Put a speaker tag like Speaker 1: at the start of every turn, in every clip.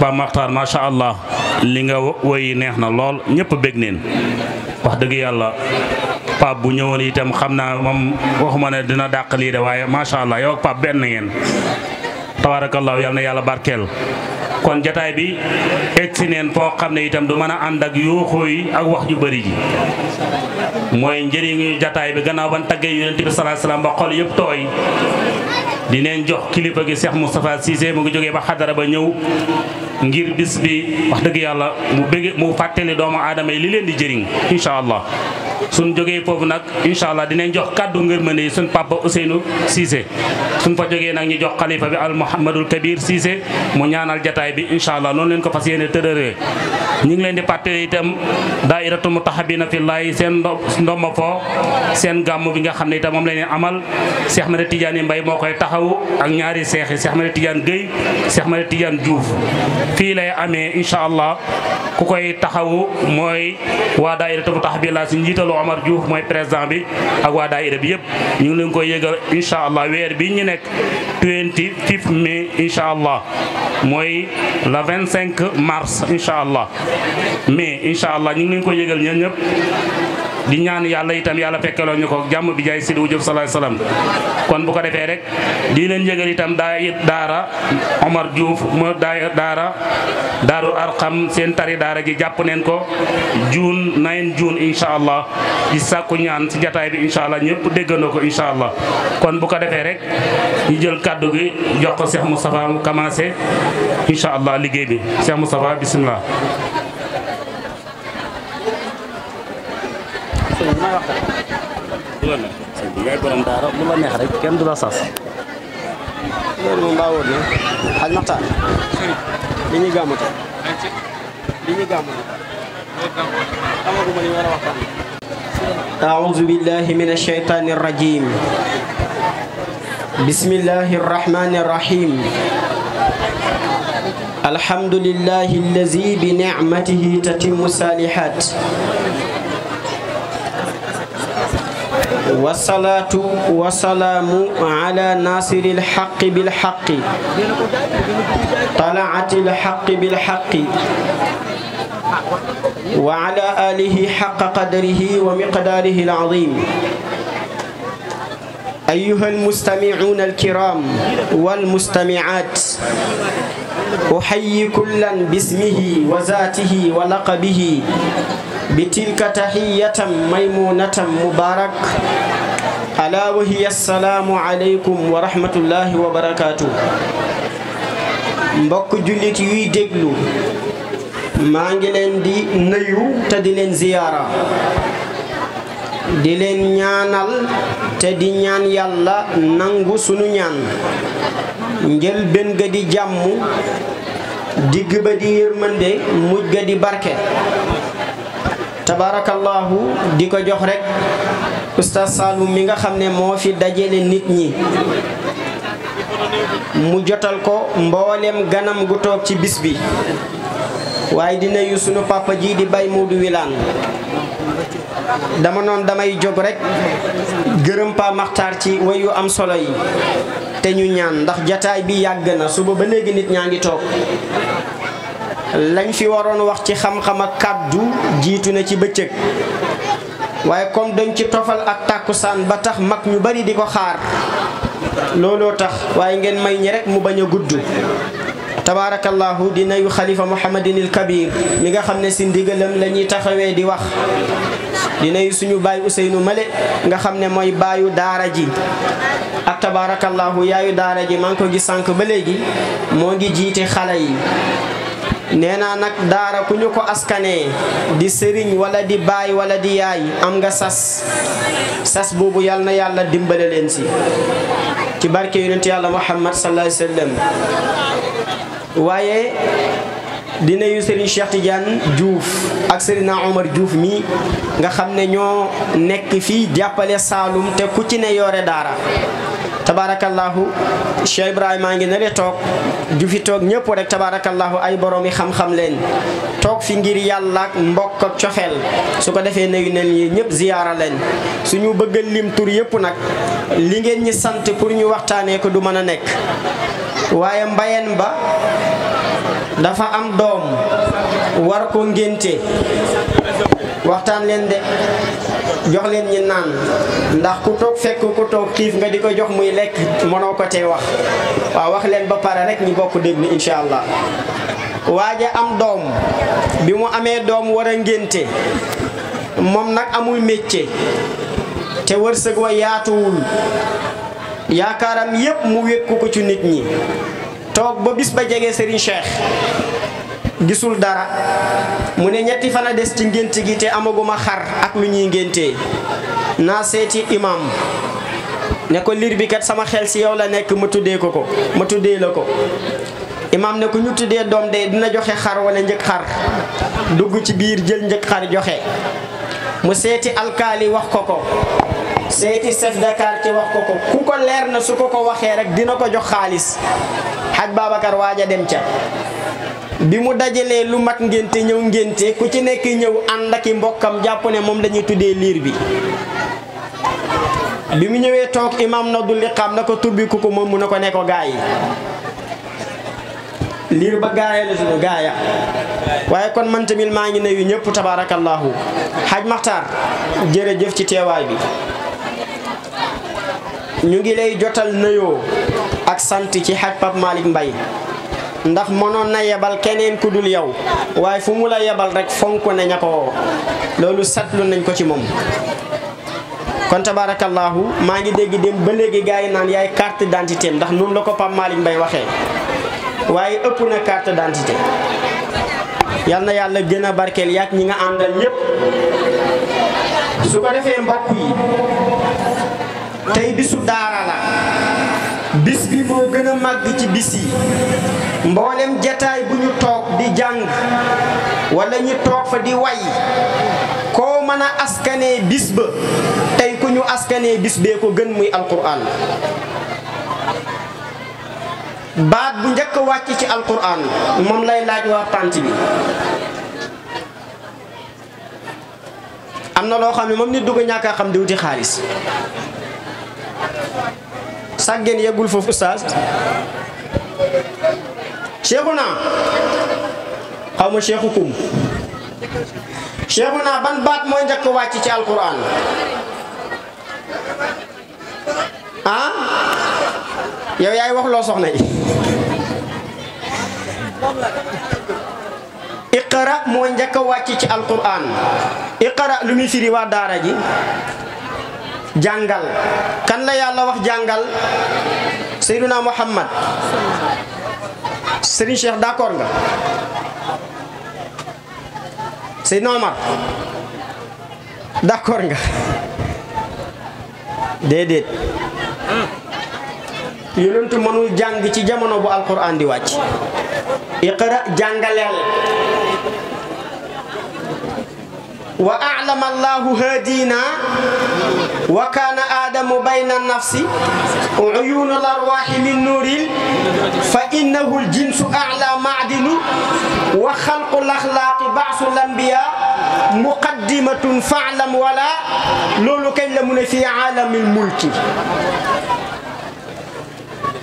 Speaker 1: Pape Makhtar sha allah li nga way neexna na ñepp begg neen wax deug yalla pa bu ñewon itam xamna mom waxuma ne dina dàq li de ma sha allah yow pa ben ngeen tabaarakallaahu yalla na barkel kon jotaay bi egsi neen foo xam itam du mën and ak yuuxu yi ak wax ju bari ji mooy ñu jotaay bi gannaaw ban taggee yonent bi wasallam ba xol toy di leen jox kilifa gi Cheikh Moustapha Cissé mu ngi jógee ba xadara ba ñëw ngir bis bi wax dëgg yàlla mu bëgg mu fàttali doomu aadama yi li leen di jëriñ incha allah suñ jógee foofu nag incha allah dinañ jox kàddu ngërmande yi suñ papa Ousseynou Cissé suñ fa jógee nag ñu jox xalifa bi al Mouhamadul Kabir Cissé mu ñaanal jataay bi incha allah noonu leen ko fas yéene tëdëree ñu ngi leen di fàttali itam daairatu mutahabina fillahi seen ndomba foo seen gàmm bi nga xam ne itam moom la leen amal Cheikh tijaan yi mbay moo koy taxaw ak ñaari seex yi Cheikh Ahmed Tidiane Guèye Cheikh Ahmed fii lay amee incha allah ku koy taxawu mooy waa daayira tax bi laa si njiitalu Omar Diouf mooy président bi ak waa daayira bi yëpp ñu ngi leen koy yëgal incha allah weer bi ñu nekk 25 mai incha allah mooy le 25 mars incha allah mais incha allah ñu ngi leen koy yëgal ñeen ñëpp di ñaan yàlla itam yàlla fekkeloo ñu ko jàmm bi jaay si wu jub salaay salaam kon bu ko defee rek di leen yëgal itam daay daara Omar Diouf mu daay daara daaru arxam seen tari daara ji jàpp neen ko juun nayen juun incha allah di sàkku ñaan si jataay bi incha allah ñëpp déggandoo ko incha allah kon bu ko defee rek ñu jël kàddu gi jox ko Cheikh Moustapha mu commencé incha allah liggéey bi Cheikh Moustapha bisimilah
Speaker 2: أعوذ بالله من الشيطان الرجيم بسم الله الرحمن الرحيم الحمد لله الذي بنعمته تتم الصالحات والصلاة والسلام على ناصر الحق بالحق طلعت الحق بالحق وعلى آله حق قدره ومقداره العظيم أيها المستمعون الكرام والمستمعات أحيي كلا باسمه وذاته ولقبه بتلك تحية ميمونة مبارك alaa wa hiya assalaamu aleykum wa wa barakaatu. mbokk jullit yuy déglu maa ngi leen di nuyu te di leen ziyaara di leen ñaanal te di ñaan yàlla nangu sunu ñaan njëlbéen ga di jàmm digg ba di yërmande mujj ga di barke tabaarakallaahu di ko jox rekk oustaz Saloum mi nga xam ne moo fi dajale nit ñi mu jotal ko mboolem ganam gu toog ci bis bi waaye dina yu sunu papa ji di bay Moodu Wilane dama noon damay jóg rekk gërëm Pa ci way yu am solo yi te ñu ñaan ndax jataay bi yàgg na suba ba léegi nit ñaa ngi toog lañu fi waroon wax ci xam-xam ak kàddu jiitu na ci bëccëg waaye comme dañ ci tofal ak tàkkusaan ba tax mag ñu bari di ko xaar looloo tax waaye ngeen may ñi rek mu bañ a gudd tabaarakallaahu di nuyu xalifa Mouhamadinil Kabir mi nga xam ne si ndigalam la ñuy taxawee di wax di nuyu suñu baay Ousseynou Male nga xam ne mooy baayu daara ji ak tabaarakallaahu yaayu daara ji maa ngi ko gis sànq ba léegi moo ngi jiite xale yi. nee naa nag daara ku ñu ko askanee di sëriñ walla di baay wala di yaay am nga sas sas boobu yal na yàlla dimbale leen si ci barke yonent yàlla muhammad sallallahu alayhi wa sallam waaye dina yu Serigne Cheikh Tidiane Diouf ak Serigne Omar juuf mi nga xam ne ñoo nekk fii jàppale Saalum te ku ci ne yore daara tabaarakallaahu Cheikh Ibrahima ngi nale toog ju fi toog ñëpp rek tabaarakallaahu ay boroomi xam-xam leen toog fi ngir yàlla ak mbokk ak su ko defee nayu neen yi ñëpp ziyaara leen suñu bëgga lim tur yëpp nag li ngeen ñi sant pour ñu waxtaanee ko du mën a nekk waaye mbayeen ba dafa am doom war ko ngénte waxtaan leen de jox leen ñi naan ndax ku toog fekk ku toog xiif nga di ko jox muy lekk mënoo ko tee wax waaw wax leen ba pare rek ñi bokk déglu incha allah waaja am doom bi mu amee doom war a ngénte moom nag amul métier te wërsëg wa yaatuwul yaakaaram yépp mu wékku ko ci nit ñi toog ba bis ba jege sëriñ cheikh gisul dara mu ne ñetti fana des ci ngénti gi te amaguma xar ak lu ñuy ngéntee naa seeti imam ne ko lir bi kat sama xel si yow la nekk ma tuddee ko ko ma tuddee la ko imam ne ko ñu tuddee doom de dina joxe xar wala njëg xar dugg ci biir jël njëg xar joxe mu seeti alkaali wax ko ko seeti set de quartier wax ko ko ku ko leer na su ko ko waxee rek dina ko jox xaalis xaj Babacar waaja dem ca bi mu dajalee lu mat ngénte ñëw ngénte ku ci nekk ñëw ànd ak i mbokkam jàpp ne moom lañuy tuddee liir bi bi mu ñëwee toog imam na du liqaam na ko tubbi ku ko moom mu ne ko ne ko yi liir ba gaaya la gaaya waaye kon man tamit maa ngi nuyu ñëpp tabaarakallaahu xaj maxtaar jërëjëf ci teewaay bi ñu ngi lay jotal nuyoo ak sant ci xaj Pape Malick Mbaye ndax mënoon na yebal keneen ku dul yow waaye fu mu la yebal rek fonk na ña ko loolu satlu nañ ko ci moom kon tabaarakallaahu maa ngi dégg dem ba léegi gars yi naan yaay carte d'identité ndax noonu la ko Pape Malick Mbaye waxe waaye ëpp na carte d'identité yal na yàlla gën a barkeel yaag ñi nga àndal ñépp su ko defee mbokk yi tay bisu dara la bis bi mo gëna mag ci bis yi mboolem jataay bu ñu toog di jang wala ñu tok fa di way ko mëna askane askanee bis ba tey ku ñu askane bis ko gën muy alquran baat bu ñëk wacc ci alquran mom lay laaj wa tanti bi amna lo xamni mom nit du ko xam di wuti xaaliss sàggeen yeggul foofu oustaz cheikhuna xaw ma cheikhukum cheikhuna ban baat mooy njëkk wàcc ci alquran ah yow yaay wax soxna yi iqra mooy njëkk wàcc ci alquran iqra lu muy firi daara ji jàngal kan la yàlla wax jàngal Seyduna Muhammad Serigne Cheikh d'accord nga Seydina Omar d'accord nga déedéet yonentu mënul jàng ci jamono bu alquran di wàcc iqra jàngaleel wa alama allahu hadina wa kaana aadamu bayna nafsi uyuunu l arwaxi min nuurin fa innahu ljinsu ala maadinu wa xalqu l axlaaqi baasu l ambiya muqaddimatun faalam wala loolu kañ la mu ne fi aalamil mulki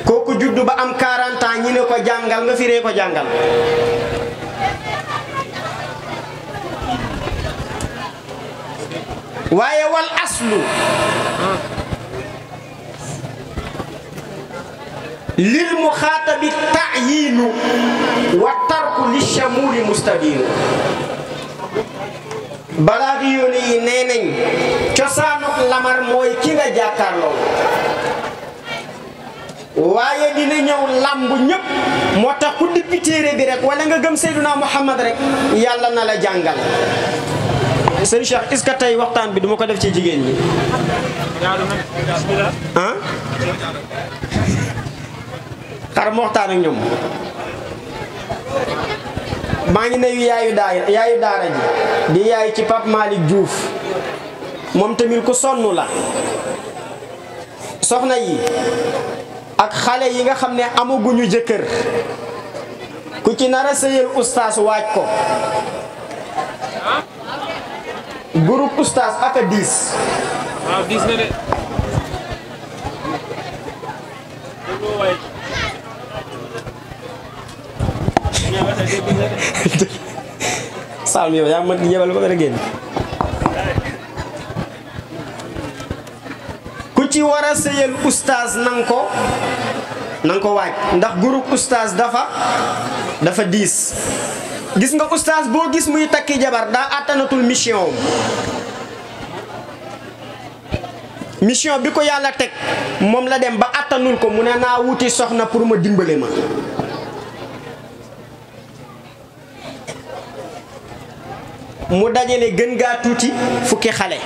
Speaker 2: kooku juddu ba am 40 ans ñi ne ko jàngal nga firee ko jàngal waaye wal aslu lil muxaatabi tayiinu wa tarku li shamuuli mustadiinu balaa di yoon yi nee nañ cosaanuk lamar mooy ki nga jàkkaarloo waaye dina ñëw làmb ñëpp moo tax ku dippi téere bi rek wala nga gëm Seyduna Muhammad rek yàlla na la jàngal sëñ Cheikh est-ce que tey waxtaan bi duma ko def ci jigéen ñi. ah. xar waxtaan ak ñoom. maa ngi ne yaayu daara yaayu daara ji di yaayu ci Pape Malick Diouf moom tamit ku sonn la soxna yi ak xale yi nga xam ne amaguñu jëkkër ku ci nar a sëyal ustaas waaj ko groupe oustaz ak a diis. waaw diis yaa ngi mën di yebal ba génn. ku ci war a sëyal oustaz nang ko nang ko waaj ndax groupe oustaz dafa dafa diis. gis nga oustaz boo gis muy takki jabar daa àttanatul mission mission bi ko yàlla teg moom la dem ba àttanul ko mu ne naa wuti soxna pour ma dimbale ma mu dajale gën gaa tuuti fukki xale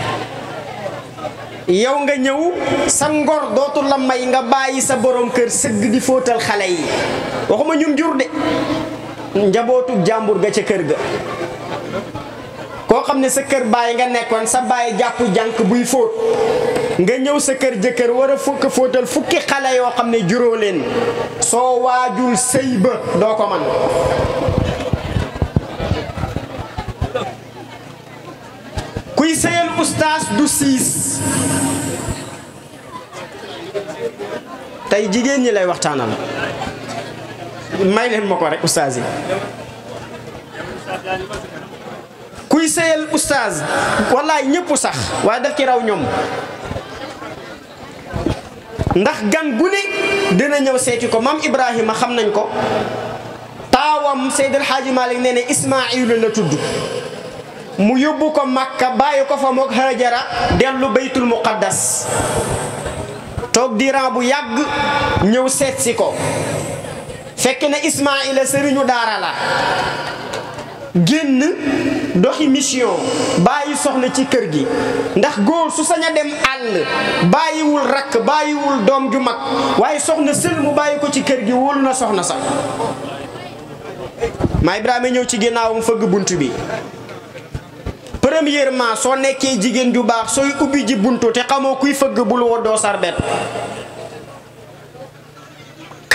Speaker 2: yow nga ñëw sa ngor dootul la may nga bàyyi sa boroom kër sëgg di fóotal xale yi waxuma ñum jur de njabootu jàmbur ga ca kër ga koo xam ne sa kër baay nga nekkoon sa baay jàpp jànk buy fóot nga ñëw sa kër jëkkër war a fukk fóotal fukki xale yoo xam ne juróo leen soo waajul sëy ba doo ko man kuy sëyal ustaas du siis tey jigéen ñi lay waxtaanal may leen ma ko rek ustaas yi kuy sëyal ustaas wallaay ñëpp sax waaye def ci raw ñoom ndax gan gu dina ñëw seeti ko maam Ibrahima xam nañ ko taawam Seydil Hadji Malick nee ne Ismaayilu la tudd mu yóbbu ko Makka bàyyi ko fa moog Hajara dellu baytul muqaddas toog diiran bu yàgg ñëw seet si ko fekk na Ismaila sëriñu daara la génn doxi mission bàyyi soxna ci kër gi ndax góor su sañ a dem àll bàyyiwul rakk bàyyiwul doom ju mag waaye soxna sël mu bàyyi ko ci kër gi wóolu na soxna sax maa Ibrahima ñëw ci ginnaawam fëgg bunt bi premièrement soo nekkee jigéen ju baax sooy ubbi ji buntu te xamoo kuy fëgg bul woddoo sarbet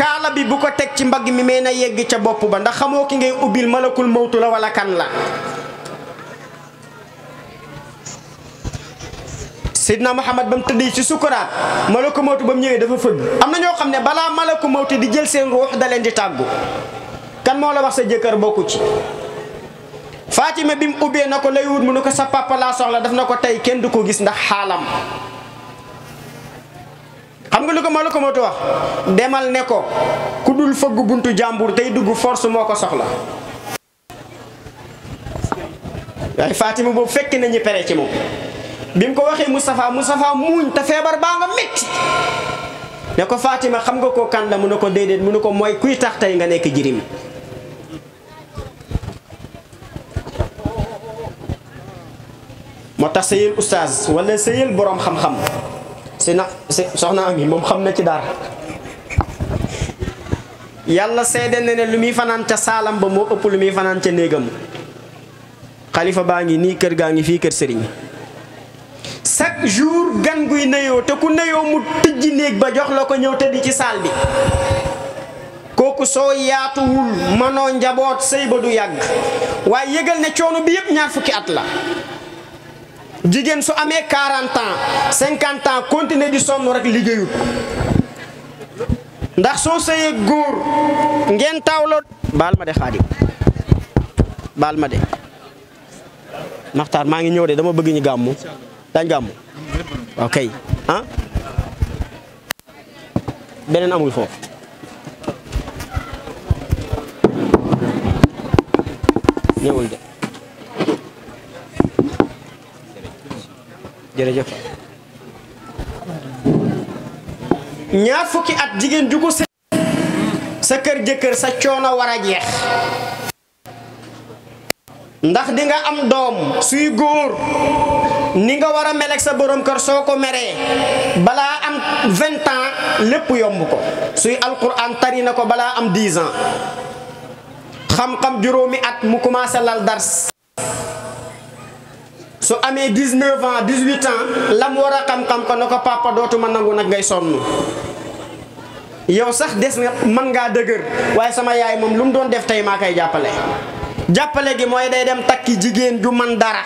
Speaker 2: kaala bi bu ko teg ci mbagg mi may na yegg ca bopp ba ndax xamoo ki ngay ubbil malakul mawtu la wala kan la sidna muhammad ba mu tëddee ci sukuraat malaku mawtu ba mu ñëwee dafa fëgg am na ñoo xam ne balaa malaku mawtu di jël seen ruux da leen di tàggu kan moo la wax sa jëkkër bokku ci Fatima bi mu ubbee na ko lay wut mu ne ko sa papa laa daf na ko tey kenn du ko gis ndax xaalam xam nga lu ko Maluka Matu wax demal ne ko ku dul fëgg buntu jàmbur tey dugg force moo ko soxla waaye Fatima boobu fekk nañu pere ci moom bi mu ko waxee Moustapha Moustapha muuñ te feebar baa nga métti ne ko Fatima xam nga ko kan la mu ne ko déedéet mu ne ko mooy kuy tax tey nga nekk jirim moo tax sa yël oustaz wala sa boroom xam-xam si na si soxna am yi moom xam na ci dara yàlla seede na ne lu muy fanaan ca saalam ba moo ëpp lu muy fanaan ca néegam xalifa baa ngi nii kër gaa ngi fii kër sëriñ chaque jour gan guy nayoo te ku nayoo mu tijji néeg ba jox la ko ñëw tëddi ci saal bi kooku soo yaatuwul mënoo njaboot sëy ba du yàgg waaye yëgal ne coono bi yëpp ñaar fukki at la jigéen su amee 40 ans 50 di sonn rek liggéeyut ndax soo sëyee góor ngeen taawloo baal ma de xaadim baal ma de maxtaar maa ngi ñëw de dama bëgg ñu gàmmu dañ gàmmu ok ah beneen amul foofu ñëwul de jërëjëf. ñaar fukki at jigéen ju ko sa kër jëkkër sa coono war a jeex. ndax di nga am doom suy góor ni nga war a mel sa boroom kër soo ko meree balaa am vingt ans lépp yomb ko suy alquran tari na ko balaa am dix ans xam-xam juróomi at mu commencé lal dars su amee 19 ans 18 ans mu war a xam-xam ko na ko papa dootuma nangu nag ngay sonn yow sax des nga mën ngaa dëgër waaye sama yaay moom lu mu doon def tey maa koy jàppale jàppale gi mooy day dem takki jigéen ju man dara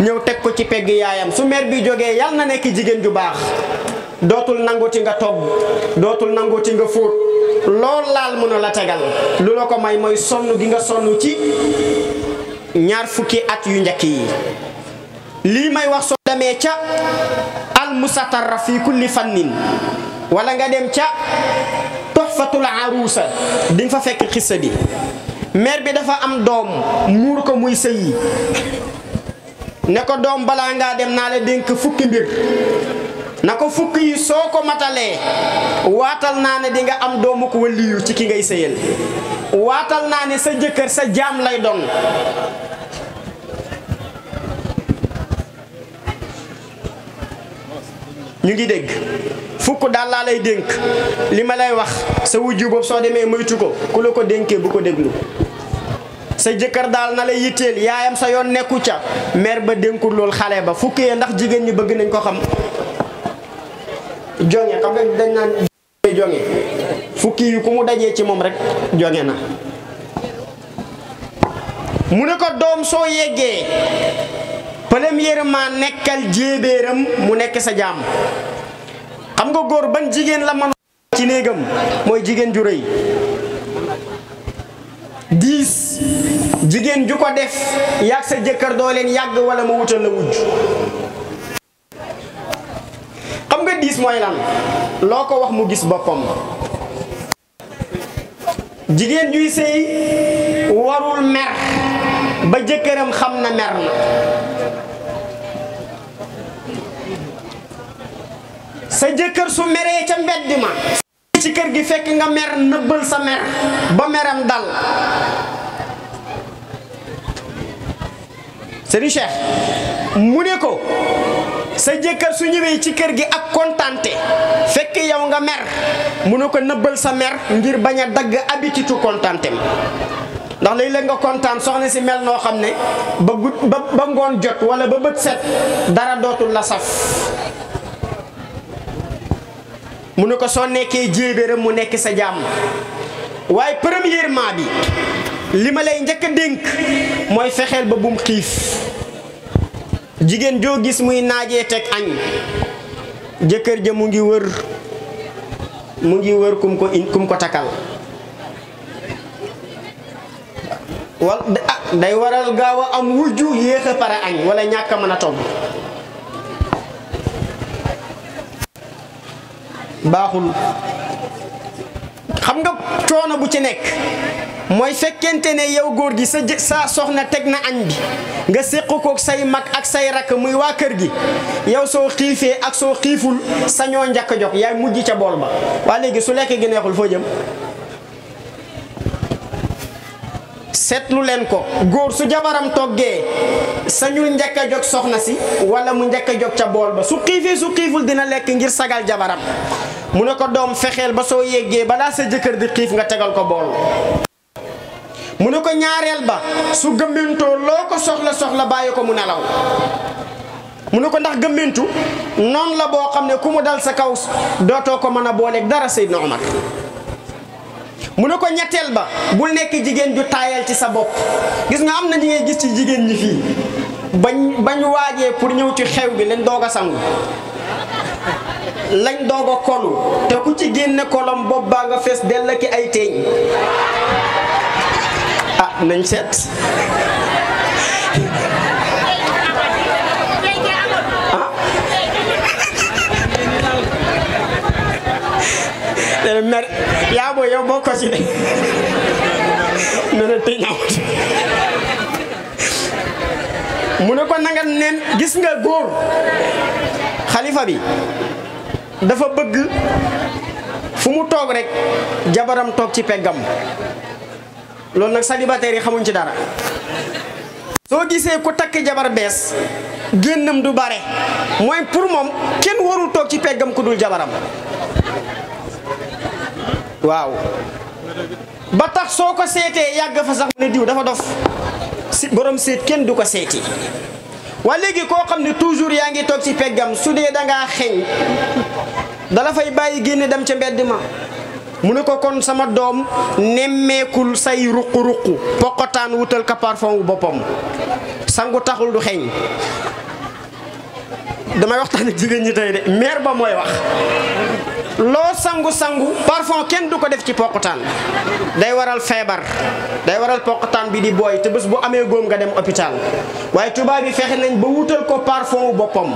Speaker 2: ñëw teg ko ci pegg yaayam su mère bi jógee yàlla na nekk jigéen ju baax dootul nanguti nga togg dootul nanguti nga fóot lool laal mën a la tegal lu la ko may mooy sonn gi nga sonn ci ñaar fukki at yu njëkk yi lii may wax soo demee ca al musatarraf fi kulli fannin wala nga dem ca tuhfatul arusa di nga fa fekk xissa bi mère bi dafa am doom muur ko muy sëyi ne ko doom balaa ngaa dem naa la dénk fukki mbir na ko fukk yi soo ko matalee waatal naa ne di am doomu ko waliyu ci ki ngay sëyal waatal naa ne sa jëkkër sa jaam lay doon ñu ngi dégg fukk daal laa lay dénk li ma lay wax sa wujju boobu soo demee moytu ko ku la ko dénkee bu ko déglu sa jëkkër daal na lay yitteel yaayam sa yoon nekku ca mère ba dénkul loolu xale ba fukk yee ndax jigéen ñi bëgg nañ ko xam jonge xam nga dañ naan jonge fukki yu ku mu dajee ci moom rek jonge na mu ne ko doom soo yeggee premièrement nekkal jéebéeram mu nekk sa jàmm xam nga góor ba jigéen la mën ci néegam mooy jigéen ju rëy diis jigéen ju ko def yàgg sa jëkkër doo leen yàgg wala ma wutal la wujj xam nga diis mooy lan loo ko wax mu gis boppam jigéen juy sëy warul mer ba jëkkëram xam na mer na sa jëkkër su meree ca mbedd ma ci kër gi fekk nga mer nëbbal sa mer ba meram dal Serigne Cheikh mu ne ko sa jëkkër su ñëwee ci kër gi ak kontante fekk yow nga mer mu ne ko nëbbal sa mer ngir bañ a dagg habitude kontante ma ndax lay léeg nga contane soxna si mel no xamne ba ba ba jot wala ba beut set dara dotul la saf mu ne ko so nekké djébéré mu nekk sa jamm waye premièrement bi lima lay ñëk a dénk mooy fexeel ba bum xiif jigen jo gis muy naajee tek agn jëkër ja mu ngi wër mu ngi wër kum ko kum ko takal wal ah, day waral gaaw a am wujju yéex a pare añ wala ñàkk a mën a togg baaxul xam nga coono bu ci nekk mooy fekkente ne yow góor gi sa soxna teg na añ bi nga séq kook say mag ak say rakk muy waa kër gi yow soo xiifee ak soo xiiful sañoo njakk jox yaay mujj ca bool ba waa léegi su lekk gi neexul foo jëm seetlu leen ko góor su jabaram toggee sañul njëkk a jóg soxna si wala mu njëkk a ca bool ba su xiifee su xiiful dina lekk ngir sagal jabaram mu ne ko doom fexeel ba soo yéggee balaa sa jëkkër di xiif nga tegal ko bool mu ne ko ñaareel ba su gëmbintoo loo ko soxla soxla bàyyi ko mu nelaw mu ne ko ndax gëmbintu noonu la boo xam ne ku mu dal sa kaw dootoo ko mën a booleeg dara Seydina Omar mu ne ko ñetteel ba bul nekk jigéen ju taayal ci sa bopp gis nga am na ñi ngay gis ci jigéen ñi fii bañ bañ waajee pour ñëw ci xew bi lañ doog a sangu lañ doog a kolu te ku ci génne kolam bopp baa nga fees dell ki ay teeñ ah nañ seet ah. yaa booy yow boo ko si de mu ne ko nanga neen gis nga góor xalifa bi dafa bëgg fu mu toog rek jabaram toog ci peggam loolu nag célibataire yi xamuñ ci dara soo gisee ku takk jabar bees génnam du bare mooy pour moom kenn warul toog ci peggam ku dul jabaram waaw ba tax soo ko seetee yàgg fa sax ne diw dafa dof si borom seet kenn du ko seeti waa léegi koo xam ne toujours yaa ngi toog ci peggam su dee danga xeeñ dala fay bàyyi génne dem ca mbedd ma mu ne ko kon sama doom nemmeekul say ruqu-ruqu poqotaan wutal ka boppam sangu taxul du xeeñ damay waxtaan ak jigéen ñi tay de maire ba moy wax lo sangu-sangu parfum kenn du ko def ci pokotan day waral febar day waral pokotan bi di boy. te bés bu amé gom nga dem hôpital waye tuba bi fexé nañ ba wutal ko parfum boppam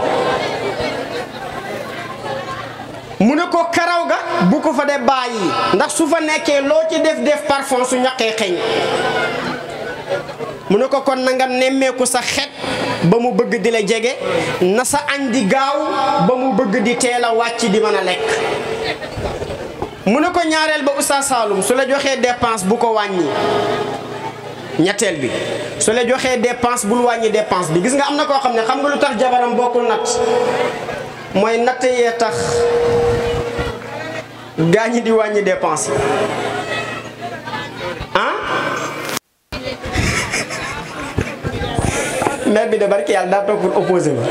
Speaker 2: Mune ne ko karaw ga bu ko fa de bayyi ndax su fa nekkee lo ci def def parfum su ñaké xéñ mu ko kon na nga nemmeeku sa xet ba mu bëgg di la jege na sa andi di gaaw ba mu bëgg di téla wacc di mëna lek lekk mu ko ñaareel ba oustad salum su la joxé dépense bu ko wañi ñettel bi su la dépense lu wañi dépense bi gis nga amna ko xamné xam nga lu tax jabaram bokul nat moy natt ye tax gañi di wañi dépense ah maire bi de barke yàlla daa toog pour ma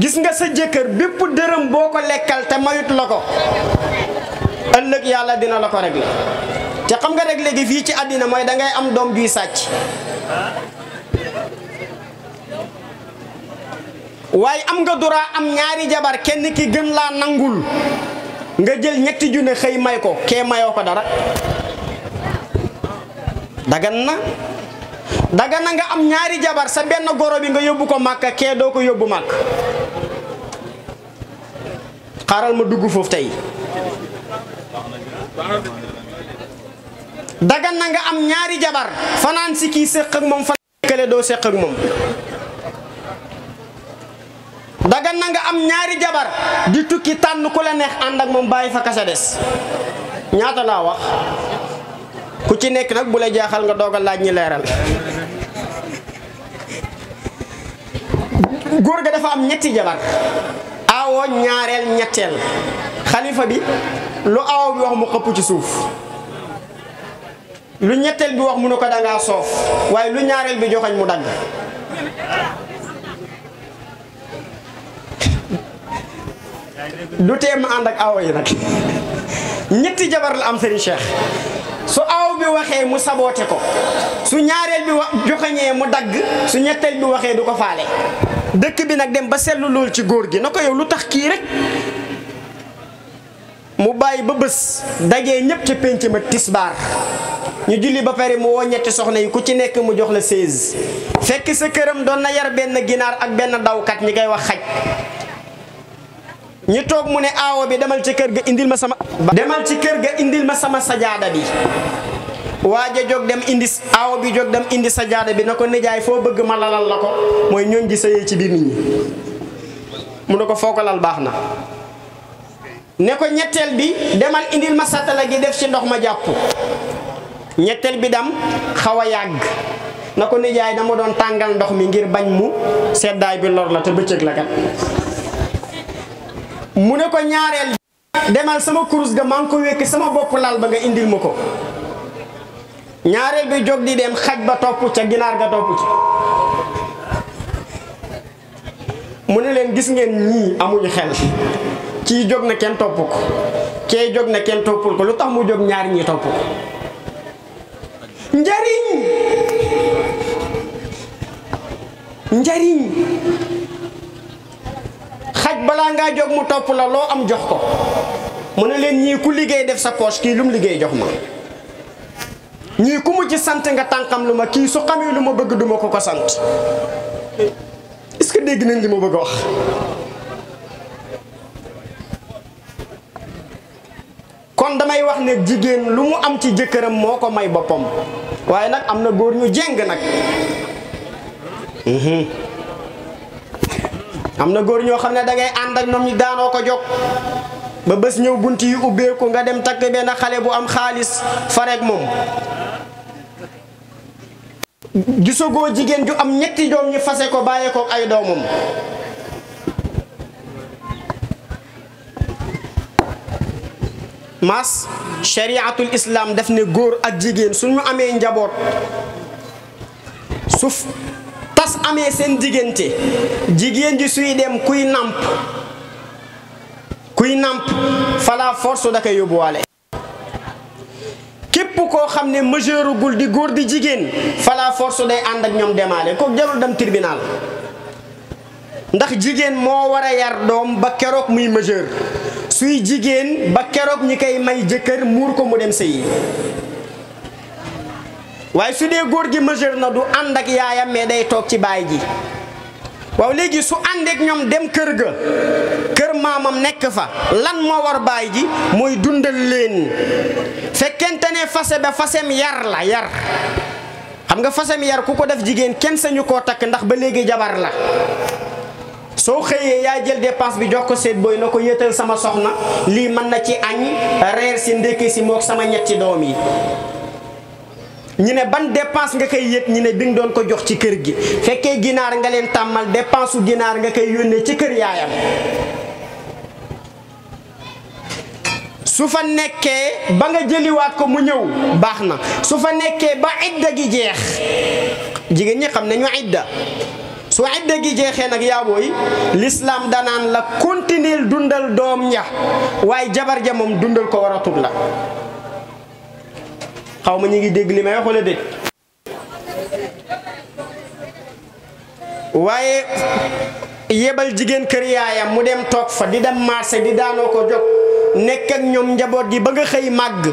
Speaker 2: gis nga sa jëkkër bépp dërëm boo ko lekkal te mayut la ko ëllëg yàlla dina la ko réglé te xam nga réglé léegi fii ci àddina mooy dangay am doom juy sàcc waaye am nga droit am ñaari jabar kenn ki gën laa nangul nga jël ñetti junne xëy may ko kee mayoo ko dara dagan daga na nga am ñaari jabar sa ben goro bi nga yobbu ko makka ke do ko yobbu mak xaral ma dugg foofu tay daga na nga am ñaari jabar fanan si ki sekk ak mom fan kële do sekk ak mom daga na nga am ñaari jabar di tukki tan ku la neex and ak mom baye fa kassa dess ñaata la wax ku ci nekk nag bu la jaaxal nga doog laaj ñi leeral góor ga dafa am ñetti jabar aawoo ñaareel ñetteel xalifa bi lu aawo bi wax mu xëpp ci suuf lu ñetteel bi wax mu ne ko dangaa soof waaye lu ñaareel bi joxañ mu dagg du tee ma ànd ak aawo yi nag ñetti jabar la am Serigne Cheikh su aawo waxee mu saboote ko su ñaareel bi wa joxañee mu dagg su ñetteel bi waxee du ko faale dëkk bi nag dem ba seetlu lool ci góor gi na ko yow lu tax kii rek mu bàyyi ba bés dajee ñépp ca pénc ma tisbaar ñu julli ba pare mu woo ñetti soxna yi ku ci nekk mu jox la seize fekk sa këram doon na yar benn ginaar ak benn dawkat ñi koy wax xaj ñu toog mu ne aawo bi demal ci kër ga indil ma sama demal ci kër ga indil ma sama sajaada bi waa waaja jóg dem indi aaw bi jóg dem indi sajaada bi na ko nijaay foo bëgg ma lalal la ko mooy ñooñ di sëyee ci biir nit ñi mu ne ko foo ko lal baax na ne ko ñetteel bi demal indil ma satala gi def ci ndox ma jàpp ñetteel bi dem xaw a yàgg na ko nijaay dama doon tàngal ndox mi ngir bañ mu seddaay bi lor la te bëccëg la kat mu ne ko ñaareel demal sama kurus ga maa ngi ko wékk sama bopp lal ba nga indil ma ko ñaareel bi jóg di dem xaj ba topp ca ginaar ga topp ca mu ne leen gis ngeen ñii amuñu xel ci jóg na kenn topp ko kee jóg na kenn toppul ko lu tax mu jóg ñaar ñi topp ko njariñ njariñ xaj balaa ngaa jóg mu topp la loo am jox ko mu ne leen ñii ku liggéey def sa poche kii mu liggéey jox ma ñii ku mu ci sant nga tànkam lu ma kii su xamee lu ma bëgg duma ko ko sant est-ce que dégg nañ li ma bëgg wax kon damay wax ne jigéen lu mu am ci jëkkëram moo ko may boppam waaye nag am na góor ñu jeng nag mhm. am na góor ñoo xam ne dangay ngay ànd ak ñoom ñi daanoo ko jóg ba bés ñëw bunt yi ubbeeku nga dem takk benn xale bu am xaalis fa moom gisagoo jigéen ju am ñetti doom ñu fase ko bàyyee ko ay doomam mas shariatul islaam def ne góor ak jigéen suñu amee njaboot su tas amee seen diggante jigéen ji suy dem kuy nàmp kuy nàmp fala force da yóbbuwaale koo xam ne majeur gul di góor di jigéen fala force day ànd ak ñoom demaale ko jarul dem tribunal ndax jigéen moo war a yar doom ba keroog muy majeur suy jigéen ba keroog ñi koy may jëkkër muur ko mu dem sëyi waaye su dee góor gi majeur na du ànd ak yaayam mais day toog ci baay ji waaw léegi su àndeek ñoom dem kër ga kër maamam nekk fa lan moo war baay ji mooy dundal leen fekkente ne fase ba fasem yar la yar xam nga fasem yar ku ko def jigéen kenn sañu koo takk ndax ba léegi jabar la soo xëyee yaa jël dépense bi jox ko seet booy na ko yëtal sama soxna lii mën na ci añ reer si ndékki si mook sama ñetti doom yi ñu ne ban dépense nga koy yëg ñu ne bi nga doon ko jox ci kër gi fekkee ginaar nga leen tàmmal dépense su ginaar nga koy yónnee ci kër yaayam su fa nekkee ba nga jëliwaat ko mu ñëw baax na su fa nekkee ba idda gi jeex jigéen ñi xam nañu idda su idda gi jeexee nag yaa booy lislaam danaan la continuer dundal doom ña waaye jabar ja moom dundal ko waratul la xaw ma ñu ngi dégg li may wax wala déet waaye yebal jigéen kër yaayam mu dem toog fa di dem marché di daanoo ko jóg nekk ak ñoom njaboot gi ba nga xëy màgg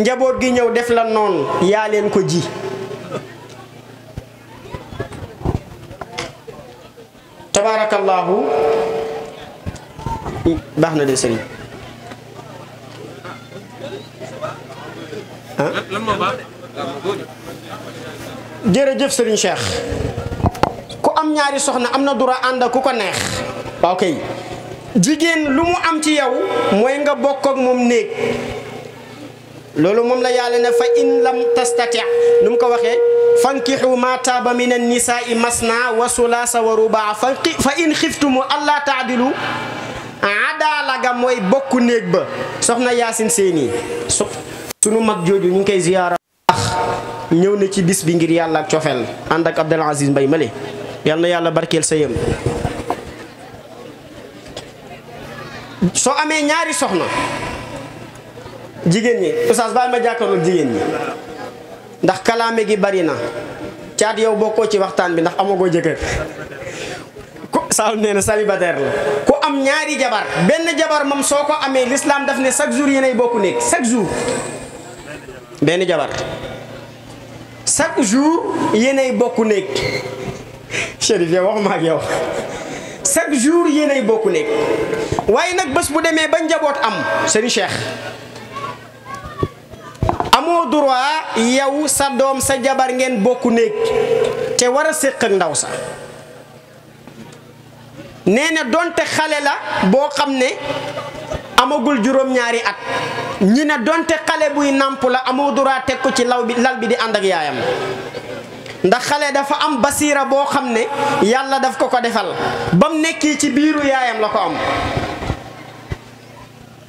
Speaker 2: njaboot gi ñëw def la noonu yaa leen ko ji tabaarakallaahu baax na de sëriñ jerejeuf Serigne Cheikh ku am ñaari soxna amna dura ànd ak ku ko neex wa kay jigen lu mu am ci yaw moy nga bokk ak mom néeg lolu mom la yàlla ne fa in lam tastati num ko waxe fankihu ma taba min an nisaai masna wa sulasa wa ruba' fa in khiftum alla ta'dilu adala ga moy bokku néeg ba soxna yasin seni sunu mag jooju ñu ngi koy ziyaara ax ñëw na ci bis bi ngir yàlla ak cofeel ànd ak Abdel Aziz Mbaye male yal na yàlla barkeel sëyam soo amee ñaari soxna jigéen ñi oustaz baal ma jàkkaarloog jigéen ñi ndax kalaame gi bari na caat yow bokkoo ci waxtaan bi ndax amagoo jëkkër ku Saalum nee na célibataire la ku am ñaari jabar benn jabar moom soo ko amee l'islam daf ne chaque jour yéenay bokk nekk chaque jour benn jabar chaque jour yéenay bokk néeg Chérif yow waxuma ak yow chaque jour yéenay bokk néeg waaye nag bés bu demee ba njaboot am sëñ Cheikh amoo droit yow sa doom sa jabar ngeen bokk néeg te war a séq ndaw sa nee na donte xale la boo xam ne amagul juróom-ñaari at ñi ne donte xale buy nàmp la amoo droit teg ko ci law bi lal bi di ànd ak yaayam ndax xale dafa am basiira boo xam ne yàlla daf ko ko defal ba mu nekki ci biiru yaayam la ko am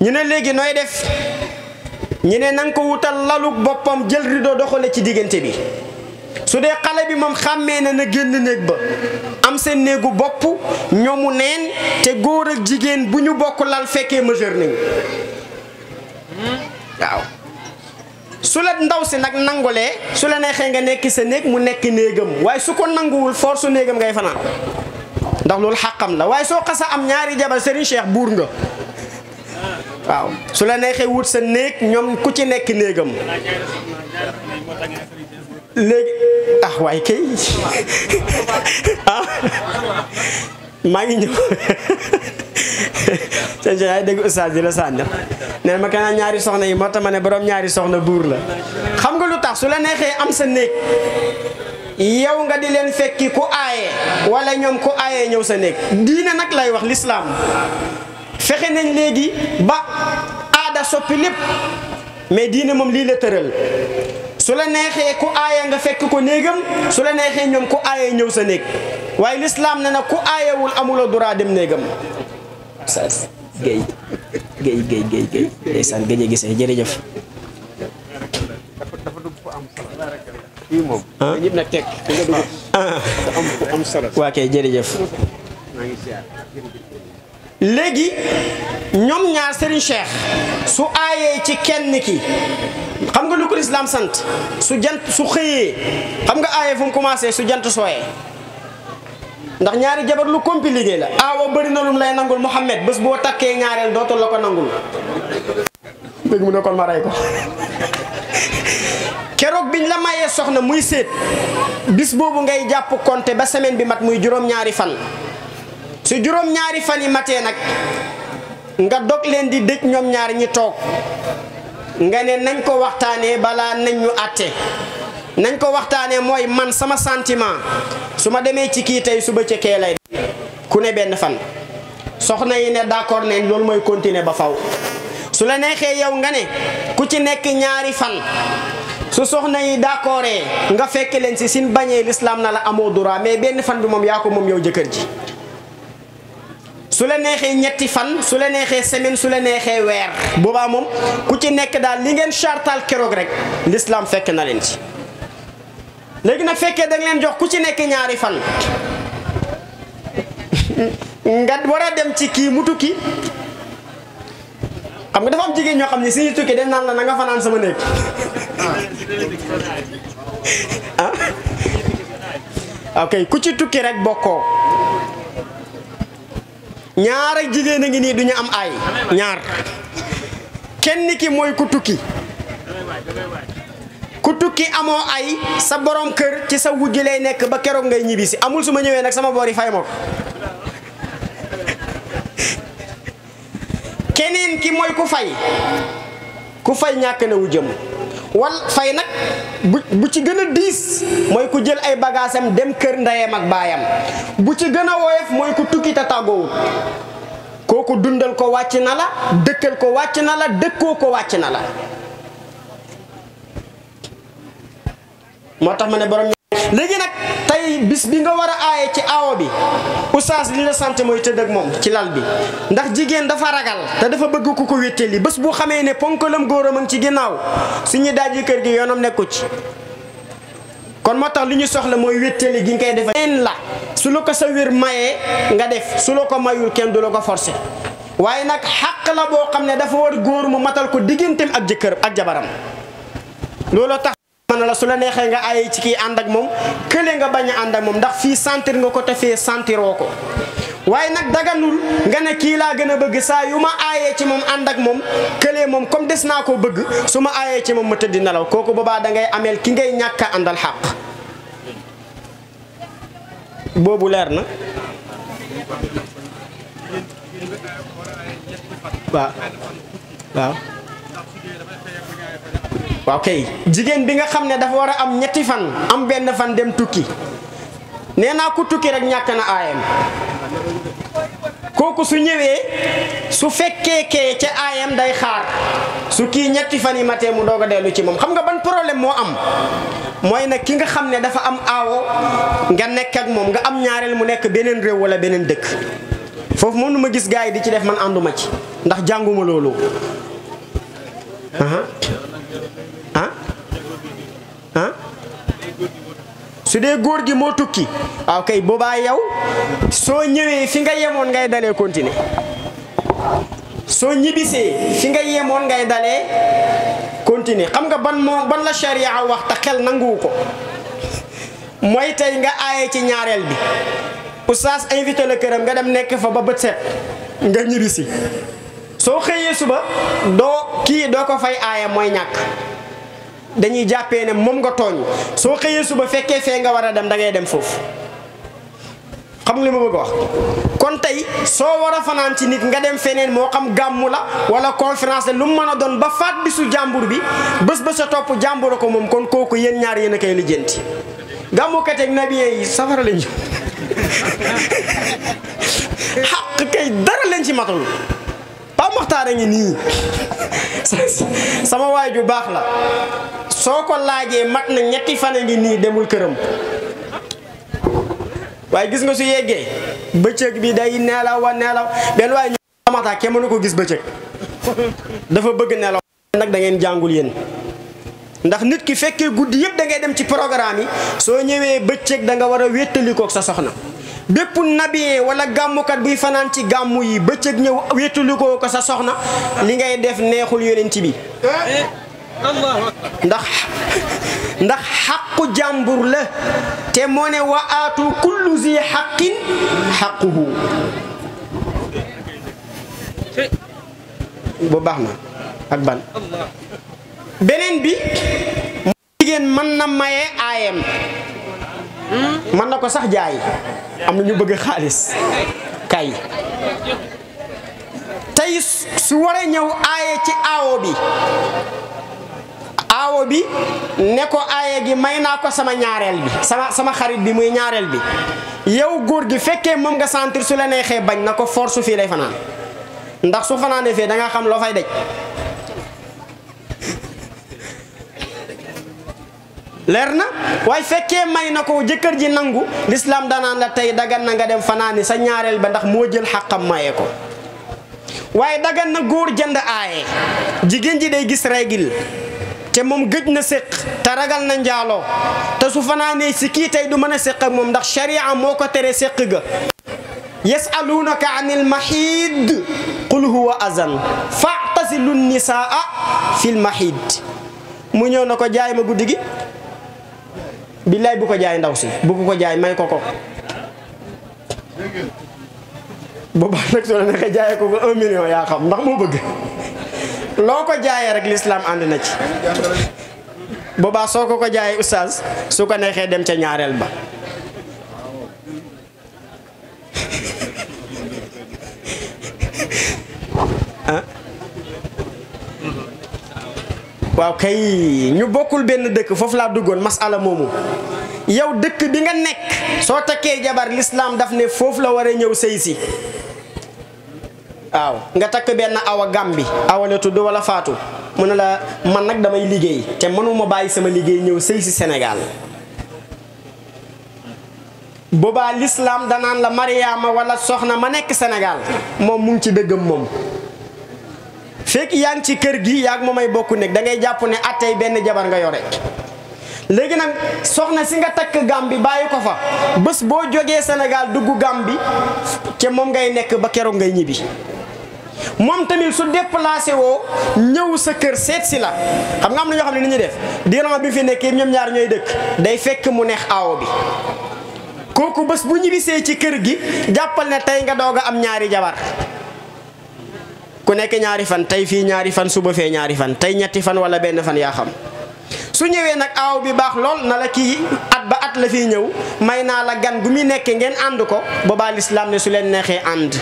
Speaker 2: ñu ne léegi nooy def ñu ne nanga ko wutal laluk boppam jël rido doxale ci diggante bi su dee xale bi moom xàmmee na na génn néeg ba am seen néegu bopp ñoomu neen te góor ak jigéen bu ñu bokk lal fekkee majeur nañu waaw su la ndaw si nag nangulee su la neexee nga nekk sa néeg mu nekk néegam waaye su ko nanguwul force su néegam ngay fanaan ndax loolu xaqam la waaye soo xasa am ñaari jabar Serigne Cheikh buur nga waaw su la neexee wut sa néeg ñoom ku ci nekk néegam léegi ah waay kay ah, maa ngi ñëw sëñ bi yaa ngi dégg ustaas di la sànni nee ma kanaa ñaari soxna yi moo tax ma ne borom ñaari soxna buur la xam nga lu tax su la neexee am sa néeg yow nga di leen fekki ku aaye wala ñoom ku aaye ñëw sa néeg diine nag lay wax lislaam fexe nañ léegi ba aada soppi lépp mais diine moom lii la tëral. su la neexee ku aaya nga fekk ko néegam su la neexee ñoom ku aaya ñëw sa néeg waaye lislaam ne nag ku aayewul amuloo duraa dem néegam Oustaz Guèye Guèye Guèye Guèye Guèye ndeysaan gëj a gisee jërëjëf ah. ah. waa kay jërëjëf Lagi ñom ñaar Serigne Cheikh su ayé ci kenn ki xam nga lu ko l'islam sant su jant su xeyé xam nga ayé fu mu commencé su jant soyé ndax ñaari jabar lu kompi liggéey la Awo bari na lu lay nangul mohammed bës bo takké ñaarel doto la ko nangul dégg mu ne kon ma ray ko kérok biñ la mayé soxna muy sét bis bobu ngay japp konté ba semaine bi mat muy ñaari fan su juróom ñaari fan yi matee nag nga dog leen di dëj ñoom ñaar ñi toog nga ne nañ ko waxtaanee balaa nañ ñu àtte nañ ko waxtaanee mooy man sama sentiment su ma demee ci kii tey suba ca kee lay ku ne benn fan soxna yi ne d'accord nañ loolu mooy continuer ba faw su la neexee yow nga ne ku ci nekk ñaari fan su soxna yi d'accordee nga fekk leen si sin bañee l'islam na la amoo droit mais benn fan bi moom yaa ko moom yow jëkkër ji su la neexee ñetti fan su la neexee semaine su la neexee weer boobaa moom ku ci nekk daal li ngeen chartal keroog rek l'islam fekk na leen ci léegi nag fekkee da leen jox ku ci nekk ñaari fan nga war a dem ci kii mu tukki xam nga dafa am jigéen ñoo xam ne suñu tukki dem naan la na nga fanaan sama néeg ah ku ci tukki rek bokkoo ñaar ak jigéen a ngi nii du ñu am ay ñaar kenn ki mooy ku tukki ku tukki amoo ay sa boroom kër ci sa wujj lay nekk ba keroog ngay ñibbi amul su ma ñëwee nag sama boor yi fay ma ko keneen ki mooy ku fay ku fay ñàkk na wujjam wal fay nag bu bu ci gën a diis mooy ku jël ay bagaasam dem kër ndeyam ak baayam bu ci gën a woyof mooy ku tukki te tàggoowut kooku dundal ko wàcc na la dëkkal ko wàcc na la dëkkoo ko wàcc na la moo tax ma ne borom léegi nag tey bis bi nga war a aaye ci awo bi oustaz li la sant mooy tëdd ak moom ci lal bi ndax jigéen dafa ragal te dafa bëgg ku ko wétteel yi bés bu xamee ne ponkalam góor a ngi ci ginnaaw suñu daaj kër gi yoonam nekku ci kon moo tax li ñu soxla mooy wéttali gi nga koy defee neen la su la ko sa wér mayee nga def su la ko mayul kenn du la ko forcé waaye nag xàq la boo xam ne dafa war góor mu matal ko digganteem ak jëkkër ak jabaram looloo tax mën na la su la neexee nga ay ci kii ànd ak moom kële nga bañ a ànd ak moom ndax fii sentir nga ko te fee sentiroo ko waaye nag daganul nga ne kii laa gën a bëgg saa yu ma aayee ci moom ànd ak moom këlee moom comme des naa koo bëgg su ma ayee ci moom ma tëdd nelaw kooku boobaa da ngay ameel ki ngay ñàkk a àndal xàq boobu leer na waaw waaw waaw kay jigéen bi nga xam ne dafa war a am ñetti fan am benn fan dem tukki nee naa ku tukki rek ñàkk na aayam kooku su ñëwee su fekkee kee ca aayam day xaar su kii ñetti fan yi matee mu doog a dellu ci moom xam nga ban problème moo am mooy nag ki nga xam ne dafa am aawo nga nekk ak moom nga am ñaareel mu nekk beneen réew wala beneen dëkk foofu mënu ma gis gars yi di ci def man ànduma ci ndax jànguma loolu. ah ah su dee góor gi moo tukki waaw ah, kay boobaa yow soo ñëwee fi nga yemoon ngay dalee continuer soo ñibbisee fi nga yemoon ngay dalee continuer xam nga ban moo ban la sharia wax te xel nanguwu ko mooy tey nga aaye ci ñaareel bi oustaz invité la këram nga dem nekk fa ba bët set nga ñibbisi soo xëyee suba doo kii doo ko fay aaye mooy ñàkk dañuy jàppee na moom nga tooñ soo xëyee suba fekkee fee nga war a dem da ngay dem foofu xam li ma bëgg wax kon tey soo war a fanaan ci nit nga dem feneen moo xam gàmmu la wala conférence lu mu mën a doon ba faat bisu jàmbur bi bës ba sa topp jàmbur ko moom kon kooku yéen ñaar yéen a koy lijjanti gàmmukat ak nabiyen yi safara lañ jëm xaq kay dara leen ci matul Pa Maxtaar a ngi nii sama waay ju baax la soo ko laajee mat na ñetti fan a ngi nii demul këram waaye gis nga su yeggee bëccëg bi day neelaw wa neelaw benn waaye ñu amata kenn mënu ko gis bëccëg dafa bëgg nelaw nag dangeen ngeen jàngul yéen ndax nit ki fekkee guddi yëpp dangay dem ci programme yi soo ñëwee bëccëg da nga war a wéttali sa soxna bépp nabi wala gàmmukat buy fanaan ci gàmmu yi bëccëg ñëw wéetulu ko sa soxna li ngay def neexul yonent bi ndax ndax xaqu jàmbur la te moo ne wa aatu kullu zi xaqin xaquhu bu baax na ak ban beneen bi jigéen mën na maye aayam hmm? mën na ko sax jaay am na ñu bëgg xaalis kay tey su waree ñëw aaye ci aawo bi aawo bi ne ko aaye gi may naa ko sama ñaareel bi sama sama xarit bi muy ñaareel bi yow góor gi fekkee moom nga centre su la neexee bañ na ko force fii lay fanaan ndax su fanaanee fee da nga xam loo fay daj leer na waaye fekkee may na ko jëkkër ji nangu lislaam danaan la tey dagan na nga dem fanaani sa ñaareel ba ndax moo jël xàqam maye ko waaye dagan na góor jënd aaye jigéen ji day gis règle te moom gëj na séq te ragal na njaaloo te su fanaanee si kii tey du mën a séq moom ndax sharia moo ko tere séq ga yasaluunaka anil maxiid qul huwa azan faatasilu nisaa fil maxiid mu ñëw na ko jaay ma guddi gi billaay bu ko jaay ndaw si bu ko jaay may ko ko boobaa nag soo neexee jaayee ko ko un million yaa xam ndax moo bëgg loo ko jaayee rek lislaam ànd na ci boobaa soo ko ko jaayee oustaz su ko neexee dem ca ñaareel ba ah. waaw kay ñu bokkul benn dëkk foofu laa duggoon masala moomu yow dëkk bi nga nekk soo takkee jabar lislaam daf ne foofu la war ñëw sëy si waaw nga takk benn awa gambi awa la tudd wala mu ne la man nag damay liggéey te mënuma bàyyi sama liggéey ñëw sëy si Sénégal boobaa lislaam danaan la mariyaama walla soxna ma nekk senegaal moom mu ngi ci dëggam moom léegi yaa ngi ci kër gi yaa ngi may bokk nekk da ngay jàpp ne attey benn jabar nga rek léegi nag soxna si nga takk Gàmbi bàyyi ko fa bés boo jógee Sénégal dugg Gàmbi te moom ngay nekk ba keroog ngay ñibbi moom tamit su déplacé woo ñëw sa kër seet si la xam nga am na ñoo xam ne ni ñuy def diirama bi fi nekkee ñoom ñaar ñooy dëkk day fekk mu neex aawo bi kooku bés bu ñibbisee ci kër gi jàppal ne tey nga doog a am ñaari jabar ku nekk ñaari fan tey fii ñaari fan suba fee ñaari fan tey ñetti fan wala benn fan yaa xam su ñëwee nag aaw bi baax lool na la kii at ba at la fiy ñëw may naa la gan gu muy nekkee ngeen ànd ko boobaa lislaam ne su leen neexee ànd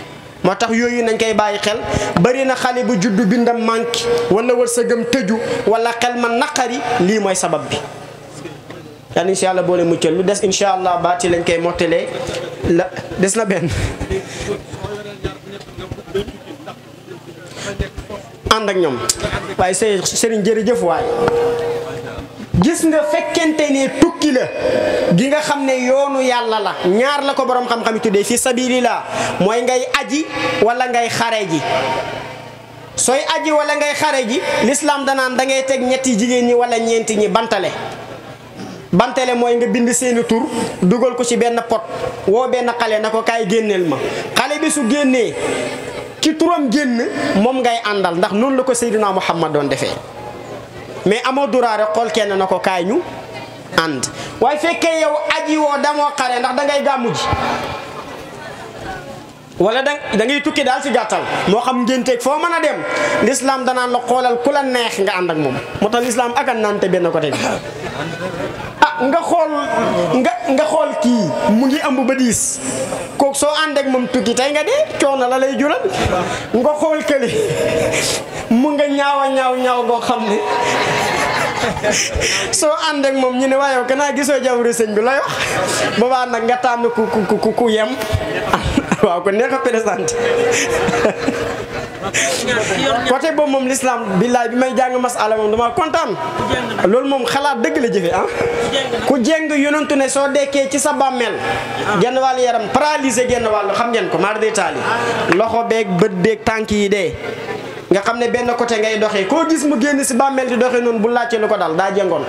Speaker 2: moo tax yooyu nañ koy bàyyi xel bari na xale bu juddu bindam manqué wala wërsëgam tëju wala xel ma naqari lii mooy sabab bi yàlla incha allah boole muccal lu des incha allah ci lañ koy mottalee la des na benn ànd ak ñoom waaye sëriñ jërëjëf waaye gis nga fekkente ne tukki la gi nga xam ne yoonu yàlla la ñaar la ko boroom xam-xam yi tuddee fi sabilillah mooy ngay aji wala ngay xare ji sooy aji wala ngay xare ji lislaam danaan da ngay teg ñetti jigéen ñi walla ñeenti ñi bantale bantale mooy nga bind seeni tur dugal ko ci benn pot woo benn xale na ko kaay génneel ma xale bi su génnee ki turam génn moom ngay àndal ndax noonu la ko xam Muhammad doon defee mais amoo duraare xool kenn na ko kaay ñu ànd waaye fekkee yow aji woo damoo xare ndax da ngay gàmmu ji wala da da ngay tukki daal si gàttal moo xam ngénteeg foo mën a dem lislaam danaa la xoolal ku la neex nga ànd ak moom moo tax lislaam ak nante benn te bi nga xool nga nga xool kii mu ngi ëmb ba diis kook soo ànd ak moom tukki tey nga dee coono la lay jural nga xool kële mu nga ñaawa ñaaw ñaaw boo xam ne soo ànd moom ñu ne waaye kanaa gisoo jawru sëñ bi la wax boobaa nag nga tànn ku ku ku ku yem waaw ko neex a présenté côté boobu moom l'islam billaay bi may jàng masala moom dama kontaan loolu moom xalaat dëgg la jëfe ah ku jéng yonentu ne soo dekkee ci sa bàmmeel genn wàll yaram paralysé genn wàllu xam ngeen ko maar day taali loxo beeg bët beeg tànk yi dee nga xam ne benn côté ngay doxee ko gis mu génn si bàmmeel di doxee noonu bu laajte lu ko dal daa jëngoon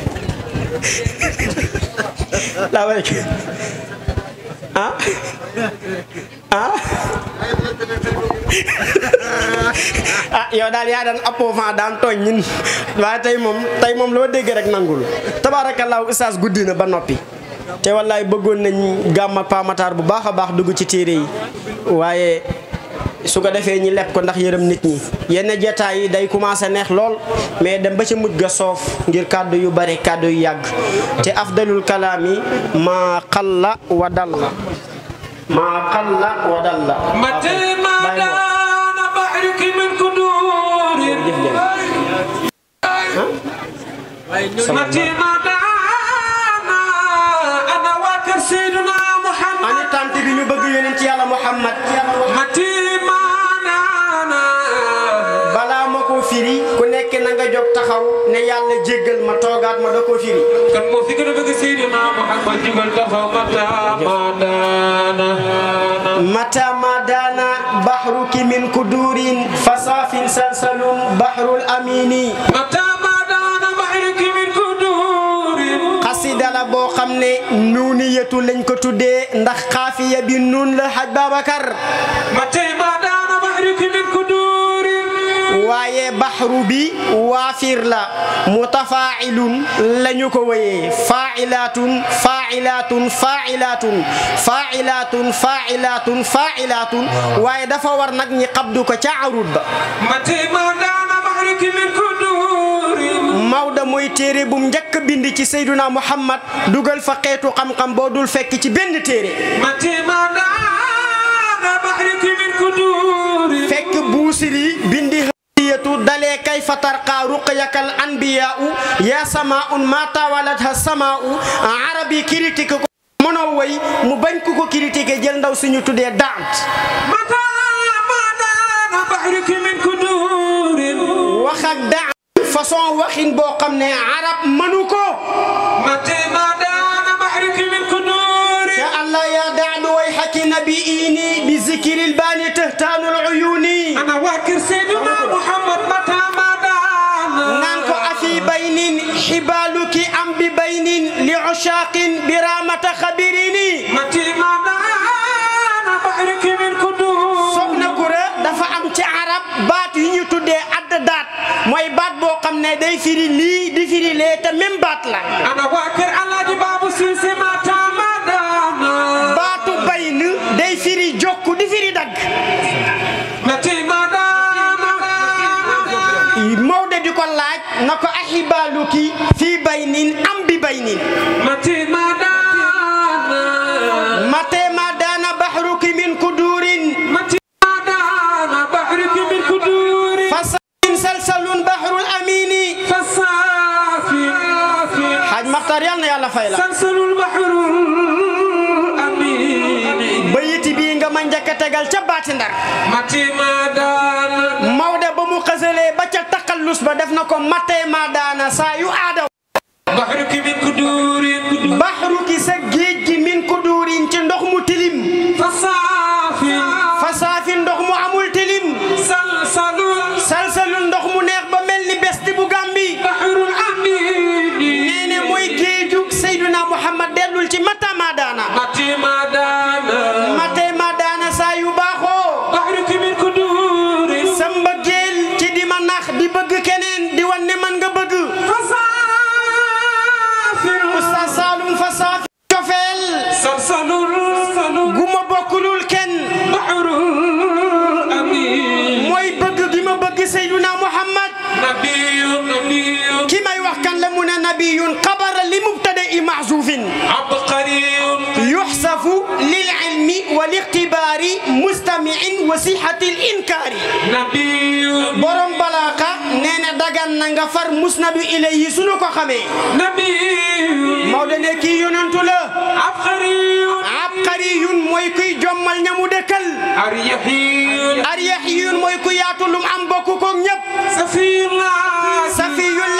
Speaker 2: ah ah. ah yow daal yaa daan appoo vent daan tooñ ñun waaye tey moom tey moom loo dégg rek nangul tabaarakallaahu ustaas guddi na ba noppi te wallaay bëggoon nañ gàmm ak bu baax a baax dugg ci téere yi waaye su ko defee ñi lekk ko ndax yërëm nit ñi yenn jetaay yi day commencé neex lool mais dem ba ca mujj ga soof ngir kàddu yu bari kàddu yu yàgg te afdalul kalaam yi ma xalla wa dal la maa xalla la ana tànt bi ñu bëgg jóg taxaw ne yàlla jéggal ma toogaat ma da koo firi. kan moo fi gën a bëgg Seydi Maamu Ahmad jógal taxaw mata madana. mata madana ki min kudurin fasaafin salsalun boo xam ne nuuniyatu lañ ko tuddee ndax xaafiya bi nuun la Haj Babacar. waaye baxru bi waafir la lañu ko wëyee faa'ilatun faa'ilatun faa'ilatun faa'ilatun faa'ilatun faa'ilatun waaye dafa war nag ñi xabdu ko ca arut ba mooy téere bu njëkk bind ci Seyduna Muhammad dugal fa xeetu xam-xam boo ci benn téere ruqyatu dalee kay fa tarqaa ruqyakal anbiyaau yaa samaun ma tawalatha samaau arabi critique ko mënoo way mu bañ ku ko critiqué jël ndaw suñu tuddee daant wax ak daant façon waxin boo xam ne arab mënu ko عشاق برامة خبريني متي dafa am ci arab baat yu ñu tuddee add daat mooy baat boo xam ne day firi lii di firi lee te baat la baatu bayn day firi jokku di firi dagg Maodo di ko laaj na ko ahibaaluki fii baynin am faati ma matee maa daana Maodo ba mu xësalee ba ca taxallus ba def na ko mate ma daana saa yu aada baxruki min ku duurin baxruki sa géej min ku duurin ci ndox mu tilim عبقري قبر لمبتدئ معزوف عبقري يحسف للعلم والاقتبار مستمع وصيحة الإنكار نبي برم بلاقة نانا دغان نغفر مسنب إليه سنوكو خمي نبي مولانيكي يننتو عبقري عبقري مويكي جمال نمو دكال أريحيون أريحيون مويكي ياتو لوم أمبوكو كوم نيب سفي الله سفي الله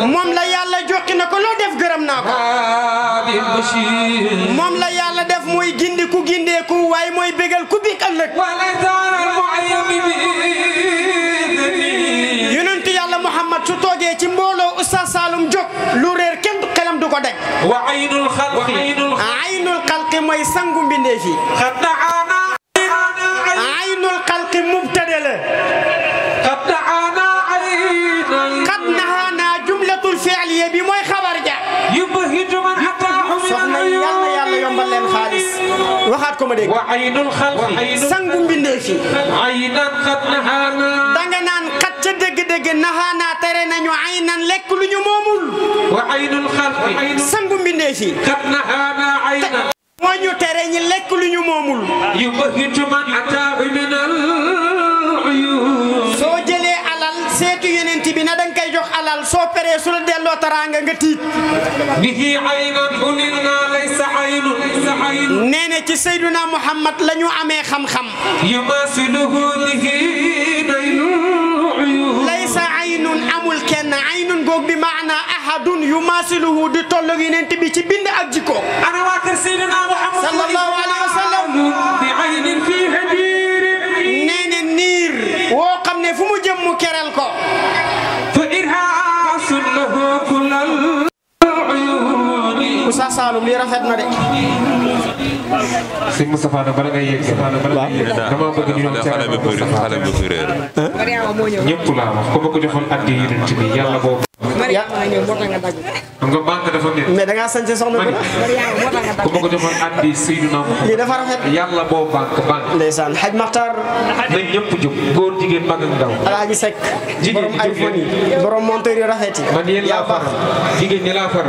Speaker 2: moom la yàlla jokki na ko loo def gërëm naa ko moom la yàlla def mooy gindi ku gindeeku waaye mooy bégal ku bik ëllëg yonentu yàlla Muhammad su toogee ci mbooloo Oustaz Saloum jóg lu reer kenn xelam du ko daj
Speaker 3: wa aynul xalqi aynul
Speaker 2: sangu mbindee fi ma dégg. wa aynul xalqi sangu mbindee fi. aynan xat nahaana. danga naan xat ca dégg-dégg nahaana tere nañu aynan lekk lu ñu moomul. wa aynul xalqi sangu mbindee fi. xat nahaana aynan. moo ñu tere ñi lekk lu ñu moomul. yu bëgg tuman ata defaree su la delloo taraanga nga tiit.
Speaker 4: bihi aynan hunilna laysa
Speaker 1: aynun nee
Speaker 2: na ci Seyduna Muhammad la ñu amee xam-xam.
Speaker 1: yumasiluhu bihi
Speaker 2: aynun laysa aynun amul kenn aynun goog bi maana ahadun yumasiluhu di tollu yeneen bi ci bind ak jikko. ana waa kër Seyduna Muhammad sallallahu alayhi wa sallam bi aynin fi Saalum lii rafet na de.
Speaker 3: sëñ Moustapha nag bala ngay yegg si xale bala ngay yegg dama bëgg ñu doon caa
Speaker 5: xale bu réer
Speaker 3: ñëpp laa wax ku ma ko joxoon addi yonent bi yàlla boobu
Speaker 2: Mariama ñëw moo tax nga dagg nga banque dafa nit mais da nga sañce soxna bu Mariama moo tax nga dagg ku ma ko defoon addi Seydina Muhammad li dafa rafet yàlla boo banque banque ndeysaan Hadj Makhtar nañ ñëpp jóg góor jigéen mag ak ndaw Alhaji Seck borom iPhone yi borom monteur yu rafet yi man yéen laa faral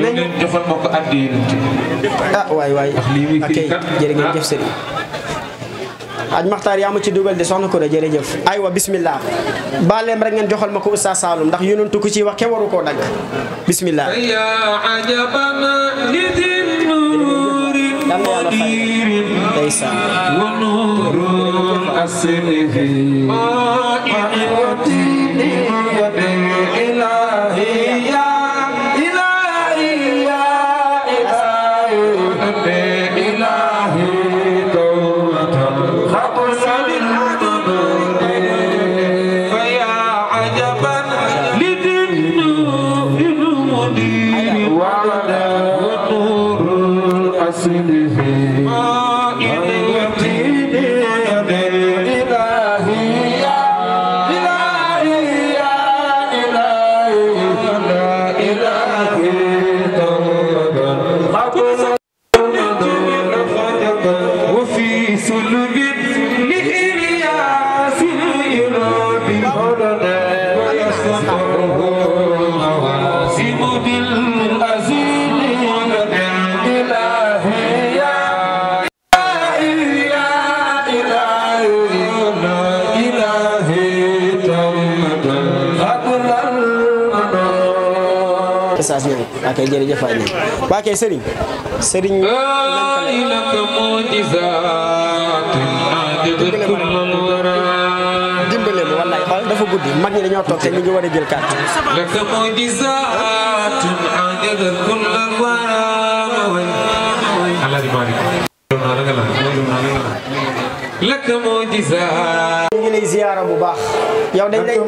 Speaker 2: ñoo leen joxoon moo ko addi yonent ah waay waay ndax lii muy firi kat jërë ngeen jëf sëriñ aj maxtaar yaa ci dugal de soxna ko de jërëjëf aywa bismillah baaleem rek ngeen joxal ma ko Oustaz Saloum ndax yonentu ku ci wax ke waru koo dagg bismillah ya ajabana lidin nuri madirin wa nuru asrihi akay jërëjëf Fane Ba kay Serigne Serigne dafa guddi mag ñi dañoo toog te ñu ngi war a jël carte. ñu ngi lay ziyaara bu baax. yow dañ lay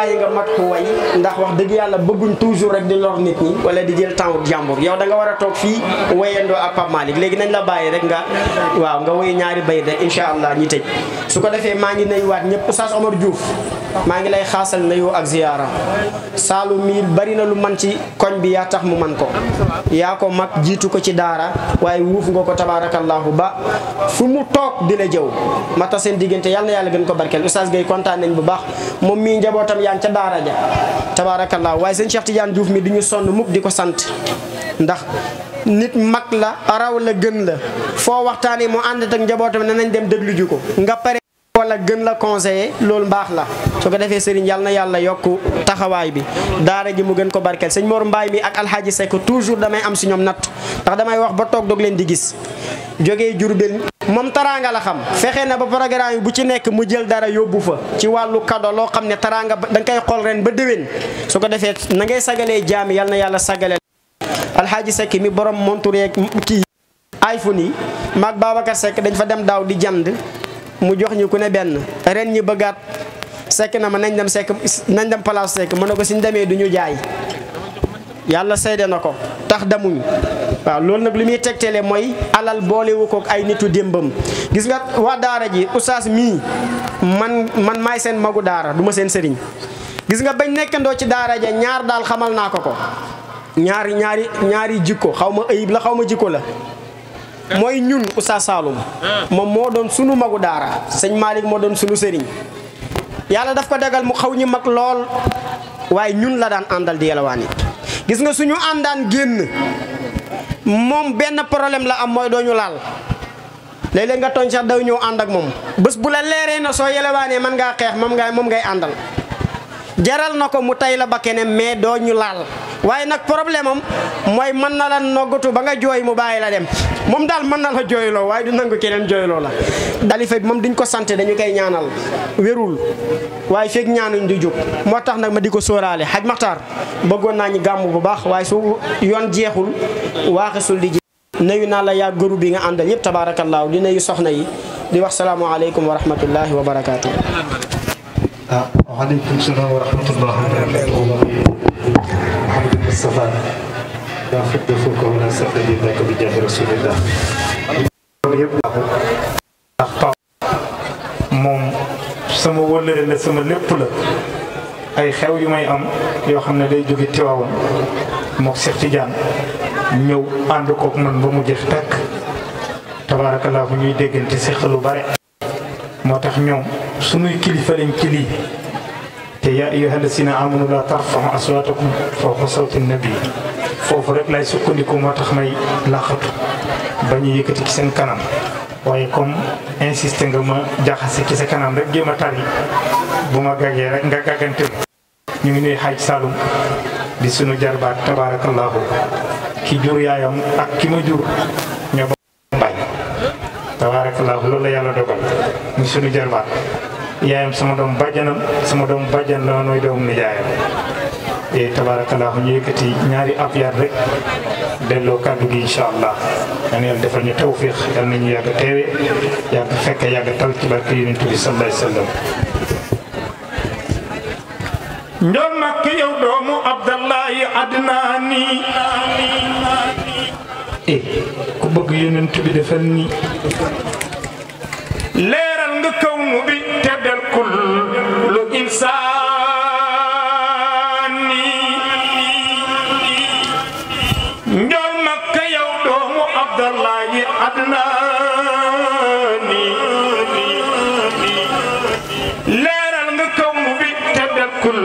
Speaker 2: bàyyi nga mat ko way ndax wax dëgg yàlla bëgguñ toujours rek di lor nit ñi wala di jël temps jàmbur yow danga nga a toog fii wayandoo ak Pape Malick léegi nañ la bàyyi rek nga waaw nga woy ñaari bay rek incha allah ñu tëj su ko defee maa ngi nuyuwaat ñëpp Oustaz Omar Diouf maa ngi lay xaasal nuyoo ak ziyaara Saalum mi bari na lu man ci koñ bi yaa tax mu man ko yaa ko mag jiitu ko ci daara waaye wuuf nga ko tabaarakallaahu ba fu mu toog di la jëw ma tax seen diggante yal na yàlla gën ko barkeel Oustaz Gueye kontaan nañ bu baax moom mii njabootam yaa ngi ca daara ja tabaarakallaahu waaye seen Cheikh Tidiane Diouf mi duñu ñu sonn mukk di ko sant ndax nit mag la raw la gën la foo waxtaan waxtaanee mu ànd ak njabootam ne nañ dem déglu ji ko wala gën la conseiller loolu mbaax la su ko defee sëriñ yàlla na yàlla yokk taxawaay bi daara ji mu gën ko barkeel sëñ Mor Mbaay mi ak alxaaji Seck toujours damay am si ñoom natt ndax damay wax ba toog doog leen di gis jógee Jurbel moom taraanga la xam fexe na ba programme yi bu ci nekk mu jël dara yóbbu fa ci wàllu kado loo xam ne taraanga da nga koy xool ren ba déwén su ko defee na ngay sagalee jaami yal na yàlla sagale alxaaji Seck mi borom montureeg kii iPhone yi maag Babacar Seck dañ fa dem daaw di jand mu jox ñu ku ne benn ren ñi bëggaat sekk na ma nañ dem sekk nañ dem place sekk ma ne ko suñ demee du ñu jaay yàlla seede na ko tax damuñu waaw loolu nag li muy tegtale mooy alal boolewu kook ay nitu démbam gis nga waa daara ji oustaz mii man man maay seen magu daara du ma seen sëriñ gis nga bañ nekkandoo ci daara ja ñaar daal xamal naa ko ko ñaari ñaari ñaari jikko xaw ma ayib la xaw ma jikko la moy ñun oussa salum ah. mom mo doon sunu magu dara sëñ malik mo doon sunu sëriñ yalla daf ko dagal mu xaw ñi mag lool ñun la daan andal di yelawani gis nga suñu andan genn mom benn problème la am moy doñu laal lay léeg nga tooñ ci daw ñu and ak mom bës bu la léré na so yelawani man nga xex mom nga mom ngay andal jaral nako mutaila mu tay la bakene mais doñu laal waaye nag problème am mooy mën na la noggatu ba nga jooy mu bàyyi la dem moom daal mën na la jooyloo waaye du nangu keneen jooyloo la dalifa bi moom duñ ko sant dañu koy ñaanal wérul waaye feeg ñaanuñ du jóg moo tax nag ma di ko soraale xaj maxtar bëggoon naa ñu gàmm bu baax waaye su yoon jeexul waaxisul di ji nuyu naa la yaa gëru bi nga àndal yëpp tabaarakallaahu di nuyu soxna yi di wax salaamualeykum wa rahmatullahi wa barakaatu.
Speaker 4: ah waaleykum salaam wa barakaatu. Moustapha daa fekk de fukk moom sama wëllëre la sama lépp la ay xew yu may am yoo xam ne day jóge Tiwaawan mook Cheikh Tidiane ñëw ànd kook man ba mu jeex takk tabaarakallah ñuy déggante si xel lu bare moo tax ñoom sunuy kilifa lañ ci lii te yaa ayyuha alladina amanu la tarfau aswaatakum fawqa sawti nabi foofu rek lay sukkandiku moo tax may laaxatu ba ñu yëkkati ci seen kanam waaye comme insisté nga ma jaxase ci sa kanam rek jéem a tari bu ma gaggee rek nga gaggante ñu ngi nuy xaaj Saloum di sunu jarbaat tabaarakallaahu ki jur yaayam ak ki ma jur ñoo ba mbañ tabaarakallaahu loolu yàlla dogal ñu sunu jarbaat yaayam sama doom bàjjanam sama doom bàjjan la nooy doom nijaayam e ñu yëkkati ñaari ab rek delloo kàddu gi incha allah yal na yàlla defal ñu tawfiix yal na teewe yàgg fekke yàgg tal ci barke yonent bi sallallaahu alayhi wa sallam njool nag yow doomu abdallahi adnaani e ku bëgg yonent bi defal nii adnaani leeral nga kaw mu bi te dekkul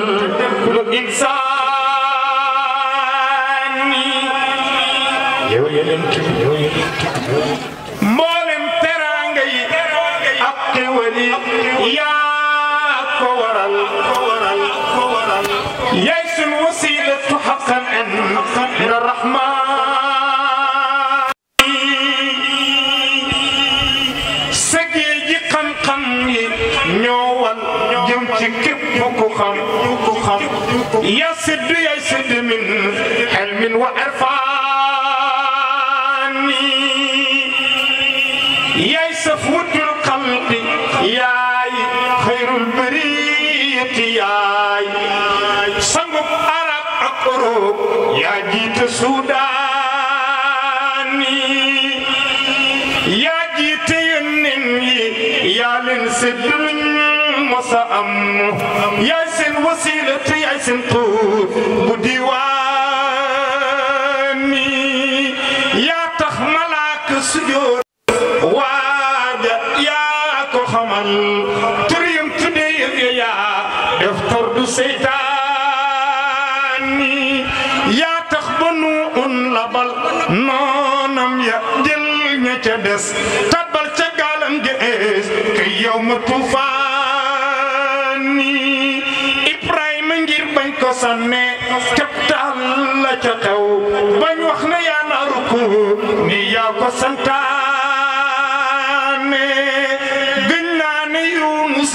Speaker 4: lu يقخم يقخم يا سد يا سد من حلم وعرفاني يا سفوت القلب يا خير البريت يا سمك عرب اقرب يا جيت سوداني يا جيت ينني يا لنسد من مصام يا sinquut bu diwaani yaa tax malaak sujjóot waaja yaa ko xamal turiyam tuddee ya yaa def tor du yaa tax ba nu un labal noonam ya jël ña ca tabal ca gaalam ja ees kay yow ma tufaan ko sànne captaal la ca xew bañ wax ne yaa naaru ko ni yaa ko santaane gëñ naa ne Yunus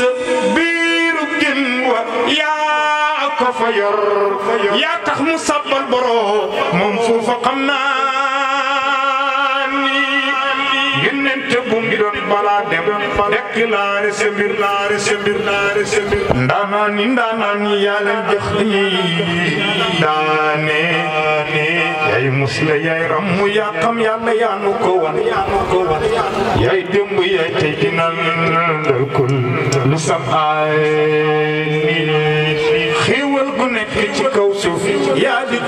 Speaker 4: biiru gën wa yaa ko fa yor yaa tax mu sabbal boro moom foofa xam naa doon balaa dem fa nekk laare sa mbir laare sa mbir laare sa mbir ndaanaan yi ndaanaan yi yaa leen jox yi daane yaay musla yaay ram yaa xam yàlla yaa nu ko wan yaay démb yaay tey dina lu sam aay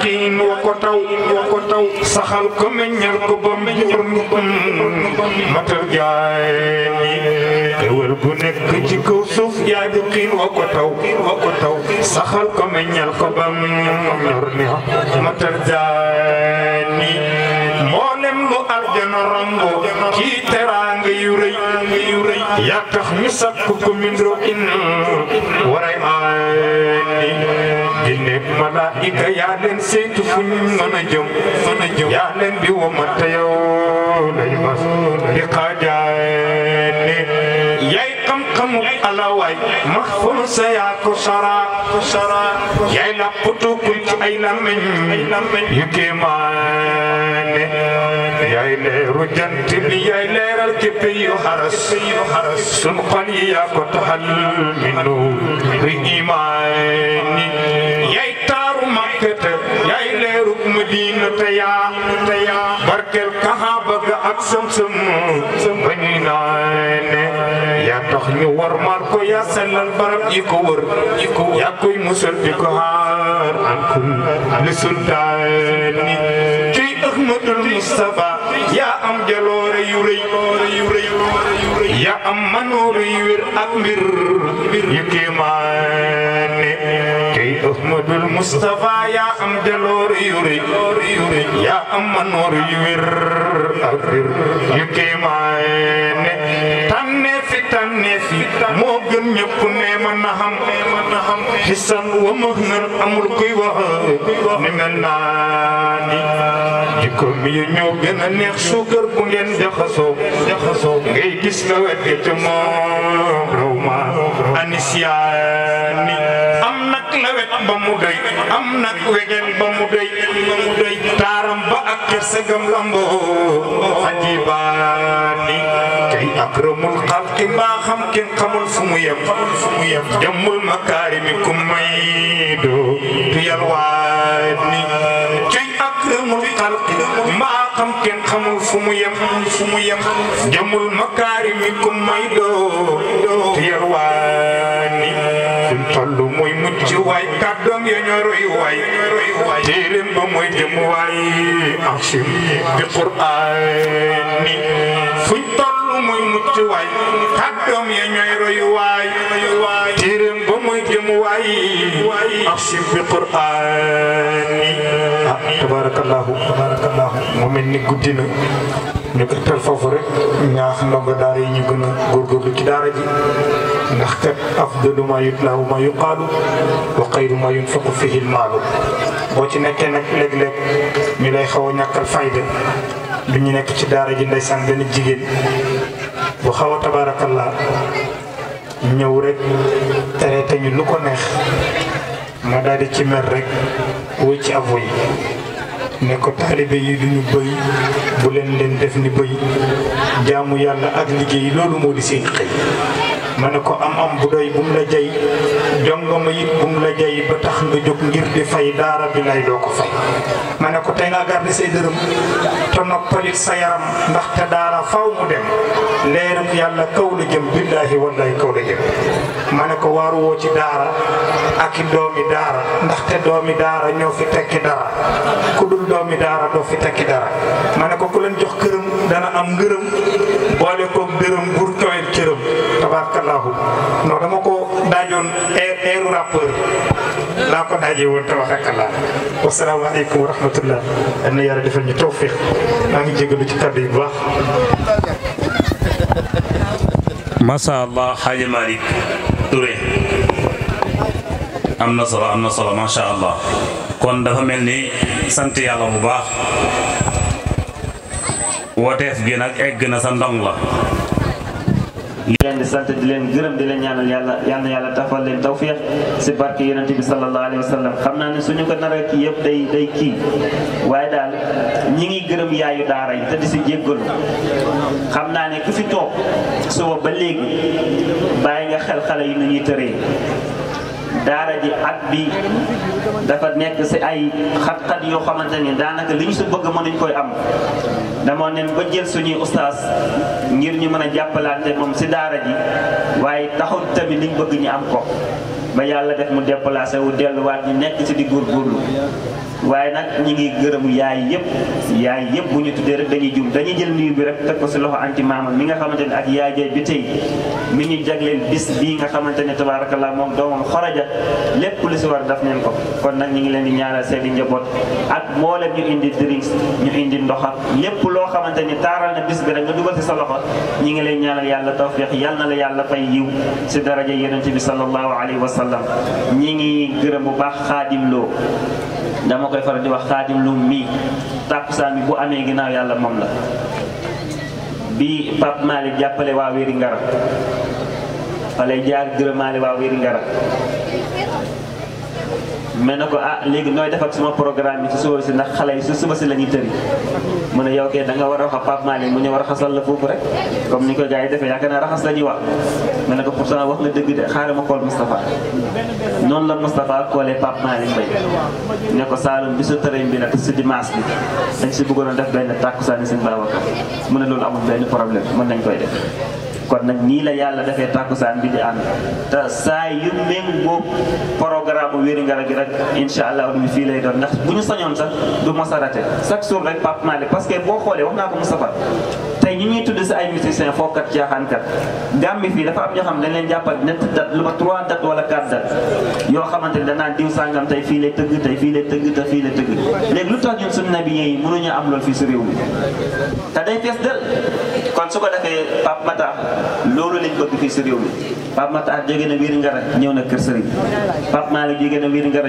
Speaker 4: yaqiin wa ko taw wa ko taw ko meññal ko ba mu jur matal gu nekk ci kaw suuf yaa yaqiin wa wa ko taw saxal ko meññal ko ba mu jur moo lem lu arjana rombo kii teraanga yu rëy yaa tax ñu sakku ko mindro in waray aay jinneeg malaayika yaa leen saytu fuñ mën a jëm mën a jëm yaa leen di womat yow lay bas
Speaker 1: di xaaja
Speaker 4: فرصة يا كسرى كسرى يا لقطو كنت أي لمن يكيمان يا لير جنتني يا لير الكبي حرس سنقني يا كتحل منو بإيمان يا تار مكتب diina yaa te yaa barkel ko yaa sellal barab yi ko wër yaa koy musal di ko yaa am jaloore yu rëy yu rëy yaa am manoore yu wér ak mbir yu kéemaane أحمد المصطفى يا أم دلور يوري يا أم نور يور أفر يكي معين تنفي تنفي موغن يكون من هم حسن ومهنن أمر كي وها نمل ناني جكم ينوغن نيخ سوغر بنين دخسو دخسو غي جسلوات جمع روما أنسياني na wet ba mu doy am nag wegel ba mu doy ba mu doy taaram ba ak kersegam lamboo ajibaani kay akramul xalqi mbaaxam kenn xamul fu mu yem fu mu yem jëmmul makaarimi ku may do tu yalwaani kay akramul xalqi mbaa xam kenn xamul fu mu yem fu mu yem jamul makaari mi ku may doo te yarwaani fi mu toll mooy mucc waay kàddoom ya ñoo roy waay téeréem ba mooy jëm waay axim bi quraani fuñ toll mooy mucc waay kàddoom ya ñooy roy waay jëm waay ak simbi qur'aani ah tabaarakallaahu tabaarakallaahu mu mel ni guddi na ñu ëttal foofu rek ñaax ndongo daara yi ñu gën a góorgóorlu ci daara ji ndax kat afdalu ma yutla ma yuqaalu wa xayru ma yunfaqu fihi lmaalu boo ci nekkee nag léeg-léeg ñu lay xaw a ñàkkal fayda bi ñu nekk ci daara ji ndeysaan benn jigéen bu xaw a ñëw rek traité ñu lu ko neex ma daal ci mer rekk wëcc ci avoy ne ko taalibe yi duñu bëy bu leen leen def ni bëy jaamu yàlla ak liggéey loolu moo di seen xëy ma ne ko am am bu doy bu mu la jay jongoma it bu mu la jay ba tax nga jóg ngir di fay daara bi lay doo ko fay ma ne ko tey nga garde say dërëm te noppalit sa yaram ndaxte daara faw mu dem leeram yàlla kaw la jëm billaahi wallahi kaw la jëm ne ko waaru ci daara ak i doomi daara ndaxte doomi daara ñëw fi tekki dara ku dul doomi daara doo fi tekki dara ma ko ku jox këram dana am ngërëm boole ko tabarakallahu non dama ko air airu rappeur laa ko daajee woon tabarakallah wasalaamaaleykum wa rahmatullah am na defal ñu tawfiq maa ngi jégalu ci
Speaker 1: baax allah xaaji malik Touré am na allah kon dafa mel ni sant bu baax gi egg na sa ndong la
Speaker 5: ngi leen di sant di leen gërëm di leen ñaanal yàlla yal yàlla tafal leen tawféex si barke yonent bi sallallahu alayhi wa sallam xam naa ne suñu ko nar a kii yëpp day day kii waaye daal ñi ngi gërëm yaayu daara yi te di si jéggalu xam naa ne ku fi toog suba ba léegi bàyyi nga xel xale yi nu ñuy tëree daara ji at bi dafa nekk si ay xat-xat yoo xamante ni daanaka li ñu si bëgg mënuñ koy am damoo neen ba jël suñuy ustaas ngir ñu mën a jàppalante moom si daara ji waaye taxul tamit liñ bëgg ñu am ko ba yalla def mu déplacer wu wat ñu nekk ci di gorlu waye nak ñi ngi gëreum yaay yépp yaay yépp bu ñu tuddé rek dañuy jum dañuy jël nuyu bi rek tek ko ci loxo anti mama mi nga xamanteni ak yaay jooy bi tay mi ñu jagleel bis bi nga xamante ne mom doom doomam xoraja lepp lu ci war daf ñen ko kon nak ñi ngi leen di ñaanal seeni njaboot ak mboolem ñu indi drinks ñu indi ndoxa lépp loo xamante ni na bis bi rek nga duggal ci sa loxo ñi ngi leen ñaanal yalla tawfiq yalla na la yalla fay yiw ci daraaje yonente ya bi sallallahu alaihi wasallam sallam ñi ngi gërëm bu baax xaadim loo dama koy faral di wax xaadim loo mii tàkkusaan bi bu amee ginnaaw yàlla moom la bi Pape Malick jàppale waa Wéri Ngara fa jaar gërëmaale waa Wéri Ngara mais na ko ah léegi nooy def ak sama programme yi ci suba si ndax xale yi su suba si la ñuy tëri mu ne yow kay da nga war a wax ak Pape Malick mu ñëw raxasal la foofu rek comme ni ko gars yi defee yaakaar naa raxas la ñuy wax mais na ko pourtant wax nga dëgg de xaaral ma xool Moustapha noonu la Moustapha koolee Pape Malick Mbaye ne ko Saalum bi su tëriñ bi nag si dimanche bi dañ si bëggoon a def benn tàkkusaani seen Babacar mu ne loolu amul benn problème mën nañ koy def kon nag nii la yàlla defee tàkkusaan bi di ànd te saa yu méngoo programme wéri ngara gi rek incha allah mi fii lay doon ndax bu ñu sañoon sax du mos a raté chaque jour rek Pape Malick parce que boo xoolee wax naa ko Moustapha tey ñi ñuy tudd si ay musiciens fookat jaaxaankat gàmmi fii dafa am ñoo xam ne dañ leen jàppal ñetti date lu ma trois date wala quatre date yoo xamante danaa danaan diw sàngam tey fii lay tëgg tey fii lay tëgg te fii lay tëgg léegi lu tax ñun suñu nabi yi am loolu fii si réew mi kon su ko defee Pape Matar loolu lañ bëgg fii si réew mi Pape Matar jóge na wiir ngara ñëw na kër sëriñ Pape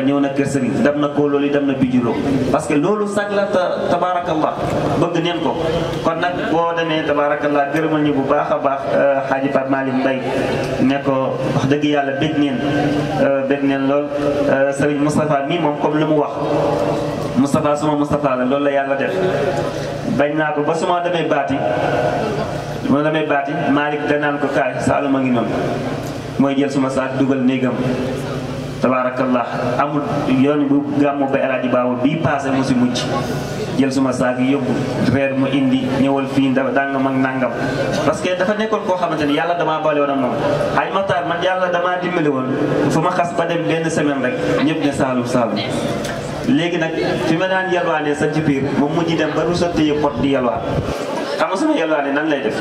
Speaker 5: ñëw na kër sëriñ dem na koo loolu dem na bijuloo parce que loolu sax la tabaarakallah bëgg neen ko kon nag boo demee tabaarakallah gërëmal ñu bu baax a baax xaaji euh, Pape Malick Mbaye ne ko dëgg yàlla bég neen euh, bég neen lool euh, sëriñ Moustapha mii moom comme lu mu wax Moustapha suma Moustapha la loolu la yàlla def bañ naa ko ba suma demee baati noonu la may baati Malick danaan ko kaay Saalum a ngi noonu mooy jël suma saak dugal néegam tabaarakallah amul yoon bu gàmmu ba El bii paase mu si mucc jël suma saak yóbbu reer mu indi ñëwal fii da dangam ak nangam. parce que dafa nekkoon koo xamante ni yàlla damaa boole woon ak moom ay Matar man yàlla damaa dimbali woon fu ma xas ba dem benn semaine rek ñëpp ne Saalum Saalum. léegi nag fi ma daan yalwaanee sa ci biir mujj dem ba rusatee pot di yalwaan. xam nga sama yàlla ne nan lay def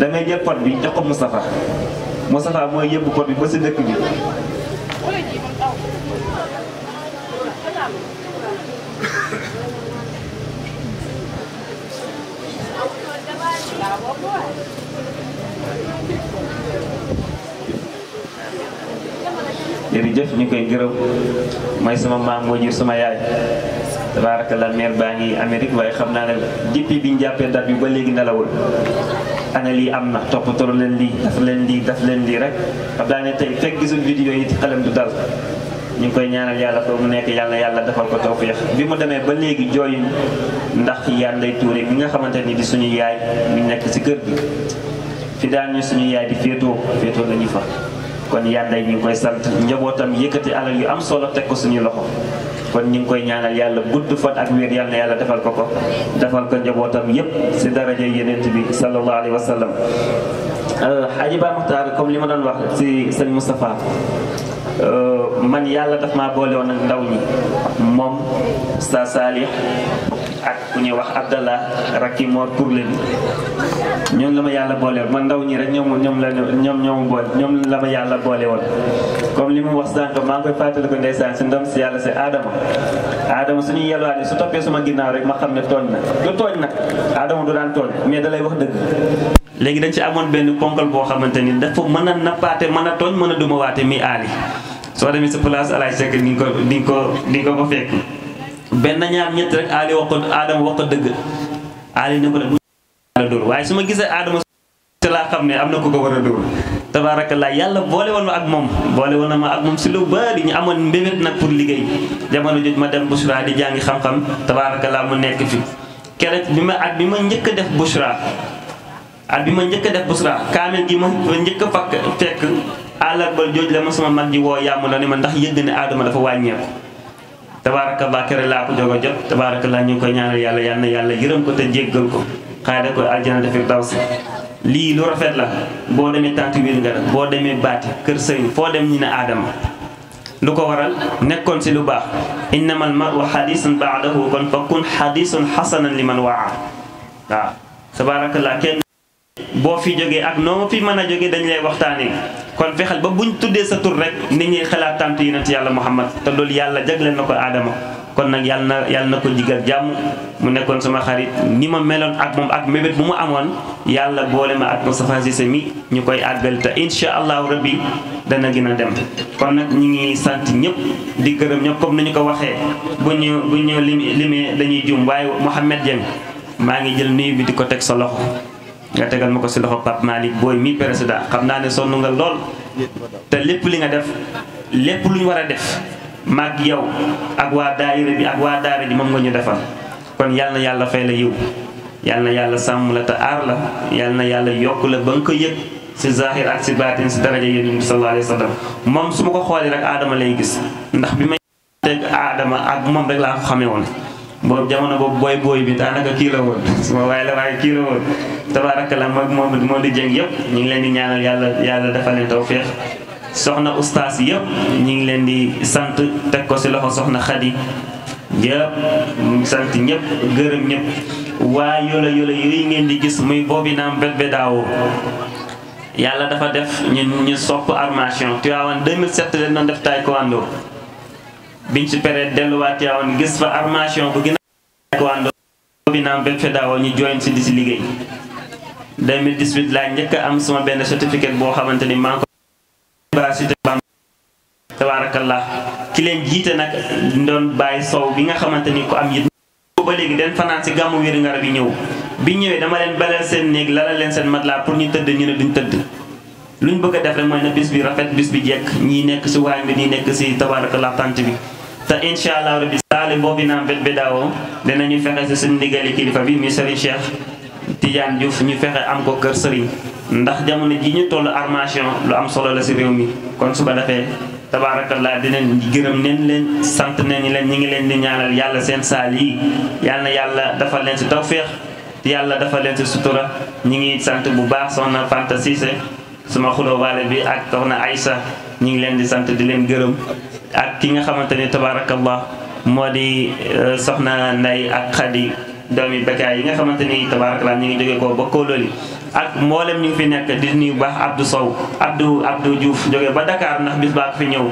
Speaker 5: damay jël pot bi jox ko Moustapha Moustapha mooy yëbbu pot bi ba si dëkk bi. jërëjëf ñu koy gërëm mooy sama maam moo jur sama yaay. tabaarakallaa meer baa ngi Amérique waaye xam naa ne depuis bi ñu jàppee date bi ba léegi nelawul ana yi am na toppatoo leen lii daf leen lii daf leen lii rek xam naa ne tey fekk gisul vidéo yi ci du dal ñu ngi koy ñaanal yàlla foofu mu nekk yàlla yàlla defal ko tawfiix bi mu demee ba léegi jooyuñ ndax yaan lay tuure bi nga xamante ni di suñu yaay ñu nekk si kër gi fi daan suñu yaay di féetoo féetoo nañu fa kon yàlla ñu ngi koy sant njabootam yëkkati alal yu am solo teg ko suñu loxo kon ñu ngi koy ñaanal yàlla gudd fan ak wér yàlla yàlla defal ko ko defal ko njabootam yépp si daraja yenent bi sallallahu alayhi wa sallam euh, Haji Ba Muxtaar comme li ma doon wax si sëñ Moustapha euh, man yàlla def maa boole woon ak ndaw ñi moom sa Saalix ak ku ñuy wax Abdallah rakki Mor Touré ñoom la ma yàlla boole woon man ndaw ñi rek ñoom ñoom la ñoom ñoomu boole ñoom la ma yàlla boole woon comme li mu wax sànq maa ngi koy fàttali ko ndeysaan si ndam si yàlla si aadama aadama suñuy yelwaane su toppee suma ginnaaw rek ma xam ne tooñ na du tooñ nag aadama du daan tooñ mais da lay wax dëgg léegi dañ ci amoon benn ponkal boo xamante ni dafa mën a nappaate mën a tooñ mën a duma waate mi aali soo demee sa place alaaj sekk di nga ko di ko ni nga ko fekk benn ñaar ñett rek aali wax ko aadama wax ko dëgg aali ne ko la dóor waaye su ma gisee aadama te laa xam ne am na ko ko war a dóor tabaarakallah yàlla boole woon ma ak moom boole woon ma ak moom si lu bari ñu amoon mbébét nag pour liggéey jamono jooju ma dem Bouchra di jàngi xam-xam laa mu nekk fi keroog bi ma at bi ma njëkk a def Bouchra at ma njëkk a def Bouchra kaamil gi ma njëkk a fakk fekk àllarbal la ma sama mag ji woo yàmm na ne ma ndax yëgg ne aadama dafa wàññeeku tabaarakallah keroog laa ko jóg a jot tabaarakallah ñu ngi koy ñaanal yàlla yal na yàlla yërëm ko xaare ko aljanna fi daw si lii lu rafet la boo demee taatu wiir nga boo demee baati kër sëriñ foo dem ñi ne aadama lu ko waral nekkoon si lu baax innama al maru xadisun baadahu kon fa kun xadisun xasanan li man waa waaw tabarakallah kenn boo fi jógee ak noo ma fi mën a jógee dañ lay waxtaanee kon fexeel ba buñ tuddee sa tur rek nit ñi xalaat tant yonent yàlla muhammad te loolu yàlla jagleel na ko aadama kon nak yàlla na yàlla na ko jigal jàmm mu nekkon sama xarit ni ma meloon ak mom ak mebet bu mu amone yalla boole ma ak Moustapha Cissé mi ñukoy agal ta inshallah rabbi dana gina dem. kon nak ñi ngi sant ñep di gërëm ñep comme ni ko waxee bu ñu bu ñu limé dañuy jum way Mouhamed jeng ma ngi jël nuyu bi diko tek sa loxo nga tegal mako ci loxo pap malik boy mi president xamna ne sonu nga lol te lepp li nga def lepp lu ñu def. maag yow ak waa daayira bi ak waa daara bi moom nga ñu defal kon yàlla yàlla fay la yiw yal na yàlla sàmm la te aar la yal na yàlla yokk la ba nga ko yëg si zahir ak si baatin si daraja yonent bi sallallahu alayhi wa sallam moom su ma ko xoolee rek aadama lay gis ndax bi may aadama ak moom rek laa ko xamee woon boobu jamono boobu booy booy bi daanaka kii la woon suma waaye la waaye kii la woon tabaaraka la moom moo di jëng yëpp ñu ngi leen di ñaanal yàlla yàlla defal leen soxna ustaas yëpp ñu ngi leen di sant teg ko ci loxo soxna xadi yëpp sant ñëpp gërëm ñëpp waa yola yola yooyu ngeen di gis muy boobi naam bet be daawoo yàlla dafa def ñun ñu sopp armation Tivaouane 2007 leen doon def taekwondo biñ ci période delluwaat Tivaouane gis fa armation bu gën a taekwondo boobi naam bet fe daawoo ñu join si di si liggéey 2018 laa njëkk am suma benn certificat boo xamante ni maa bara cité bam tabaarakallah ki leen jiite nag doon bàyyi soow bi nga xamante ni ko am yit ba léegi den fanaan si gàmmu wér ngar bi ñëw bi ñëwee dama leen balal seen néeg lalal leen seen matelas pour ñu tëdd ñu ne duñ tëdd lu ñu bëgg def rek mooy na bis bi rafet bis bi jekk ñi nekk si waañ bi ñii nekk si tabaarakallah tant bi te incha allah rabbi saali boobu naam bet bédaawoo dinañu fexe si suñu ndigali kilifa bi mi Serigne Cheikh Tidiane Diouf ñu fexe am ko kër Serigne ndax jamono ji ñu toll armation lu am solo la si réew mi kon su ba defee tabaarakallaa dinañ gërëm neen leen sant nañ leen ñi ngi leen di ñaanal yàlla seen saal yi yàlla na yàlla defal leen si tawféex yàlla dafa leen si sutura ñu ngi sant bu baax soxna Fanta Cissé suma xulóowaale bi ak soxna Aïssa ñu ngi leen di sant di leen gërëm ak ki nga xamante ni tabaarakallah moo di euh, soxna Ndey ak Xadi doomi Bekaay yi nga xamante ni tabaarakallah ñi ngi jóge ko ba Kóolóoli ak mboolem ñu ngi fi nekk di nuyu baax Abdou Sow Abdou Abdou Diouf jóge ba Dakar ndax bis baa ko fi ñëw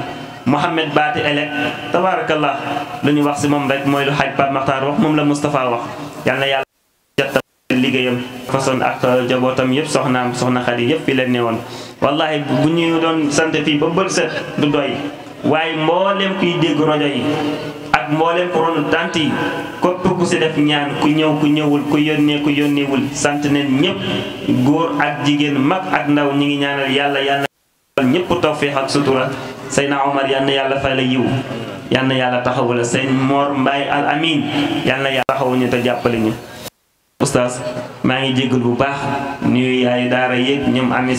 Speaker 5: Mouhamed Baati Elek tabaarakallah lu ñu wax si moom rek mooy lu xaj Pape Makhtar wax moom la Moustapha wax yal na yàlla jottal liggéeyam façon ak jabootam yëpp soxnaam soxna Xadi yëpp fi leen ne woon wallahi bu ñu doon sant fii ba bët set du doy waaye mboolem kuy dégg rajo yi ak mboolem porono tant yi képp ku si def ñaan ku ñëw ku ñëwul ku yónnee ku yónneewul sant neen ñëpp góor ak jigéen mag ak ndaw ñi ngi ñaanal yàlla yàlla ñëpp tawféex ak sutura Seyna Omar yal na yàlla fay la yiw yal yàlla taxawu la sëñ Mor al Amin yal yàlla taxawu ñu te jàppale ñu oustaz maa ngi jégal bu baax nuyu yaayu daara yéeg ñoom ami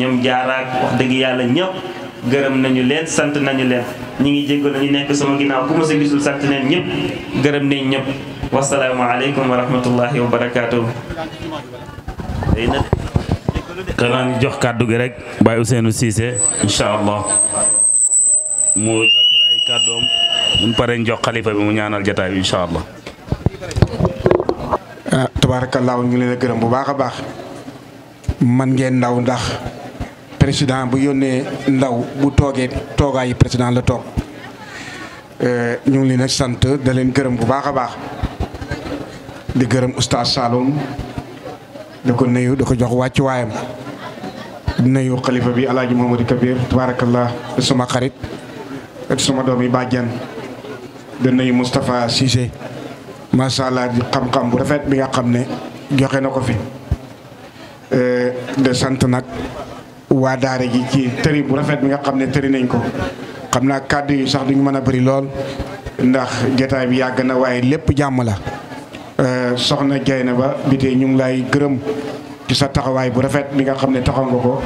Speaker 5: ñoom jaaraak wax dëgg yàlla ñëw gërëm nañu leen sant nañu leen ñi ngi jéggal ñu nekk sama ginnaaw ku ma sa gisul sant leen ñëpp gërëm nañ ñëpp wasalaamu alaykum wa rahmatullahi wa barakatuh kanaa ñu jox kaddu gi rek
Speaker 1: Baye Ousseynou Cissé incha allah mu jotil ay kàddoom mu pare jox khalifa bi mu ñaanal jotaay bi allah
Speaker 3: ah, ñu ngi leen gërëm bu baaxa baax man ngeen ndaw ndax président bu yónnee ndaw bu toogee toogaayu président la toog euh, ñu ngi leen a sant da leen gërëm bu baax a baax di gërëm oustaz Saloum da ko nuyu da ko jox wàccu waayam nuyu xalifa bi alaaji Mouhamadou Kabir tabaarakallah suma xarit ak suma doom yi bàjjan da nuyu mustapha Cissé macha allah di xam-xam bu rafet bi nga xam ne joxe na ko fi euh, de sant nag waa daara ji ci tëri bu rafet bi nga xam ne tëri nañ ko xam naa kàddu yi sax duñu mën a bari lool ndax jotaay bi yàgg na waaye lépp jàmm la euh, soxna Dieynaba bi tey ñu ngi lay gërëm ci sa taxawaay bu rafet bi nga xam ne taxaw nga ko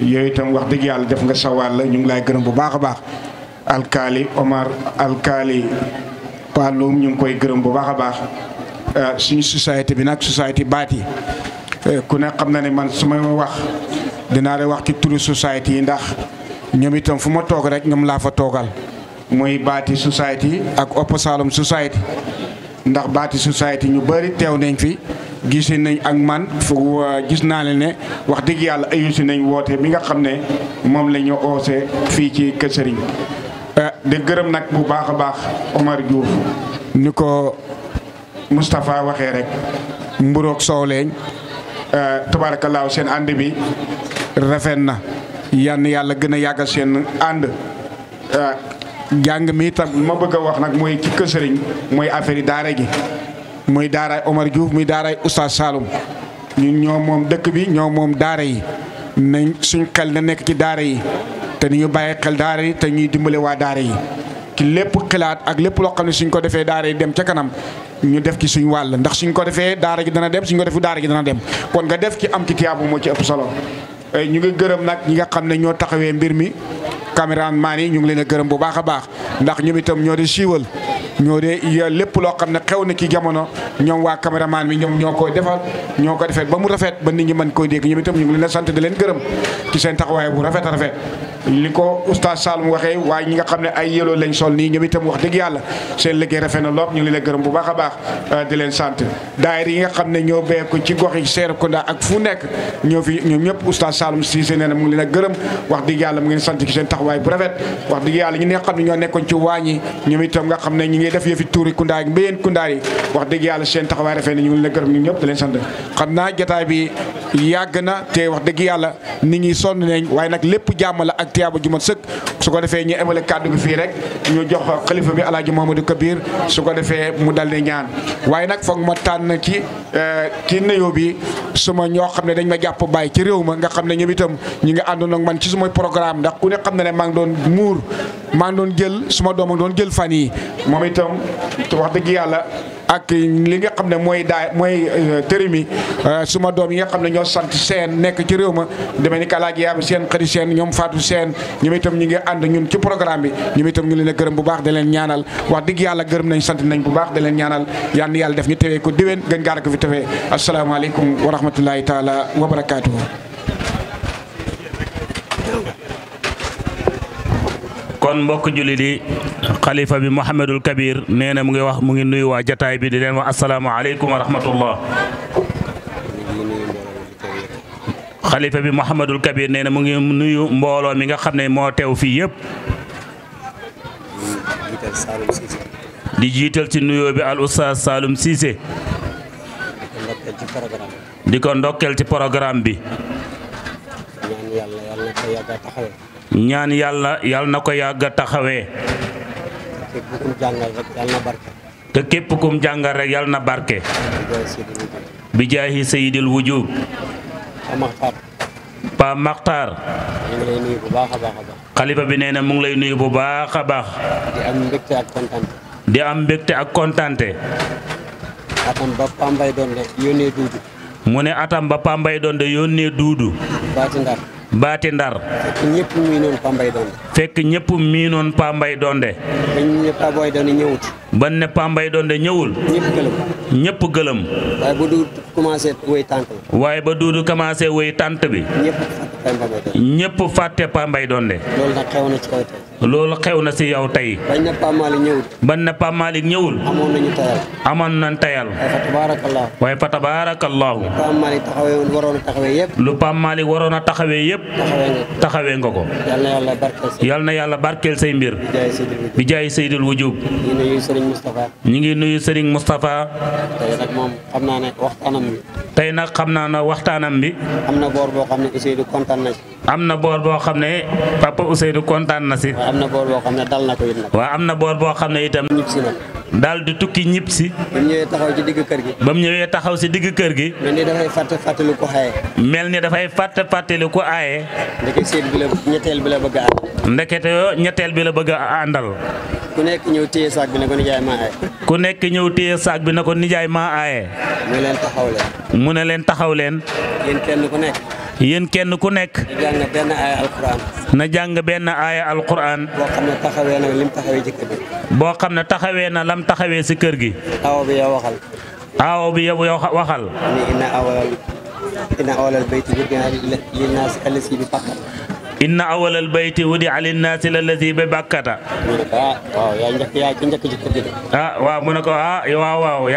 Speaker 3: yooyu itam wax dëgg yàlla def nga sa wàll ñu ngi laay gërëm bu baax a baax alkaali Omar alkaali Paloum ñu ngi koy gërëm bu baax a baax euh, suñu société bi nag société baat yi euh, ku ne xam na ne man su may wax dinaa leen wax ci turu société yi ndax ñoom itam fu ma toog rek ñoom laa fa toogal muy baati société ak Opo Saloum société ndax baati société ñu bari teew nañ fi gise nañ ak man fu euh, gis naa leen ne wax digg yàlla ayusi nañ woote bi nga xam ne moom la ñu oose fii ci kër sëriñ euh, di gërëm nag bu baax a baax Omar Diouf ni ko Moustapha waxee rek mburook soow leeñ euh, tabaarakallaahu seen ànd bi rafet na yan yàlla gën a yàggal seen ànd euh, jàng mi tam ma bëgg a wax nag mooy ci kër sëriñ mooy affaire yi daara gi muy daaraay Omar Diouf muy daaraay Oustaz Saloum ñun ñoo moom dëkk bi ñoo moom daara yi nañ suñ xel na nekk ci daara yi te nu ñu bàyyi xel daara yi te ñuy dimbale waa daara yi ki lépp xalaat ak lépp loo xam ne suñ ko defee daara yi dem ca kanam ñu def ci suñ wàll ndax suñ ko defee daara gi dana dem suñ ko defee daara gi dana dem kon nga def ci am ci tiyaabu moo ci ëpp solo Eh, ñu ngi gërëm nag ñi nga xam ne ñoo taxawee mbir mi caméraman yi ñu ngi leen a gërëm bu baax a baax ndax ñoom itam ñoo di siiwal ñoo de lépp loo xam ne xew na ki jamono ñoom waa caméraman bi ñoom ñoo koy defal ñoo ko defee ba mu rafet ba nit ñi mën koy dégg ñoom itam ñu ngi leen a sant di leen gërëm ci seen taxawaay bu rafet a li ko oustaz Saloum waxee waaye ñi nga xam ne ay yeloo lañ sol nii ñoom itam wax dëgg yàlla seen liggéey rafet na lool ñu ngi gërëm bu baax a baax euh, nga xam ne ñoo beeku ci gox yi Serekunda ak fu nekk ñoo fi ñëpp oustaz Saloum Cissé nee na mu ngi leen a gërëm wax dëgg yàlla mu ngi sant ci seen taxawaay bu ñoo nekkoon ci waañi ñoom itam nga xam ne ñi ngi def yëfi tuuri kunda ak mbéyeen kundaa yi wax dëgg yàlla na ñu leen a gërëm ñu ñëpp di leen sant xam naa jotaay yàgg na te wax dëgg yàlla ni ñi sonn nañ waaye nag lépp jàmm la ak ak tiyaaba ju mat sëkk su ko defee ñu emale kàddu bi fii rek ñu jox xalifa bi alaaji Mamadou Kabir su ko defee mu dal ne ñaan waaye nag foog ma tànn ci eh, ci nuyoo bi suma ñoo xam ne dañ ma jàpp bàyyi ci réew ma nga xam ne ñoom itam ñu ngi àndoon man ci sumay programme ndax ku ne xam ne ne maa ngi doon muur maa ngi doon jël suma doom a doon jël fan yi moom itam wax dëgg yàlla ak li nga xam ne mooy daa mooy euh, tërimi euh, suma doom yi nga xam ne ñoo sant seen nekk ci réew ma demee ni kalaaj yaab seen xëri seen ñoom faatu seen ñoom itam ñu ngi ànd ñun ci programme bi ñoom itam ñu leen a gërëm bu baax da ñaanal wax dëgg yàlla gërëm nañ sant nañ bu baax da leen ñaanal yal na yàlla def ñu tewee ko déwén gën gaara ko fi tewee asalaamaaleykum wa rahmatulahi taala wa barakaatuhu kon mbokk jullit yi xalifa bi
Speaker 1: Mouhamadul Kabir nee mu ngi wax mu ngi nuyu waa jataay bi di leen wax asalaamaaleykum wa rahmatullah xalifa bi Mouhamadul Kabir nee na mu ngi nuyu mbooloo mi nga xam ne moo teew fii yëpp. di jiital ci nuyoo bi al oustaz Saloum Cissé. di ko ndokkel ci programme bi. ñaan yàlla yàlla na ko yàgg na ko yàgg a taxawee.
Speaker 2: hukum
Speaker 1: te képp kum jàngal rek yal na barke bijaahi sayyidil wujub Pa maktar khalifa bi neena mu ngi lay nuyu bu baax a di am mbégte ak kontante
Speaker 2: atam ba Pambay de
Speaker 1: mu atam ba Pambay doon de yónnee duudu baati ndar.
Speaker 2: fekk ñëpp miinoon Pambay Donde.
Speaker 1: fekk ñëpp miinoon Pambay Donde. bañ ne Pambay Donde ñëwut. bañ ne ñëwul. ñëpp gëlëm. ñëpp
Speaker 2: waaye ba du commencé wéy tànt
Speaker 1: bi. waaye ba du commencé wéy tànt bi. ñëpp fàtte Pambay Donde. loolu xew na si yow tey. bañ na Pape ñëwul. bañ na Pape Malick ñëwul. amoon nañ tayal. waaye fa tabaarakallaahu. lu Pape waroon a taxawee yëpp. lu Pape Malick waroon taxawee yëpp. taxawee nga ko. yal na yàlla barkeel say. mbir. bi jaay Seydil Wujub. ñu ngi
Speaker 2: nuyu Serigne Moustapha.
Speaker 1: ñu ngi nuyu tey nag moom xam naa ne waxtaanam bi. tey nag xam naa ne waxtaanam bi. am na boor boo xam ne Ousseynou kontaan am na boor boo xam ne papa Ousseynou kontaan na si. waaw am na boor boo xam ne dal na ko it nag. am na boor boo xam ne itam. ñib si nag. daal di tukki ñib si. ba mu ñëwee taxaw ci taxaw si digg kër gi. mel ni dafay
Speaker 2: fàtte fàttali ko aaye.
Speaker 1: mel ni dafay fàtte fàttali ko aaye. ndeke seet bi la ñetteel bëgg a àndal. ndekete yoo ñetteel bi la bëgg a àndal. ku nekk ñëw
Speaker 2: téye saag bi na ko nijaay maa aaye.
Speaker 1: nekk ñëw téye saag bi na ko nijaay maa aaye. mu ne leen taxaw leen. mu ne leen taxaw leen. yéen kenn ku nekk. yéen kenn ku nek na jàng ben aya alquran. na jàng benn aaya alquran. boo xam ne na lim taxawé ci kër gi. boo xam ne na lam taxawé ci kër gi. aaw bi ya waxal. aaw bi ya waxal.
Speaker 2: inna awal inna awalal bayti wudi'a nas allazi bi bakkata.
Speaker 1: inna awalal bayti wudi'a linnaasi allazi bi bakkata. ah
Speaker 2: waaw yaa njëkk yaa njëkk ci
Speaker 1: kër gi de. ah waaw mu ne ko ah waaw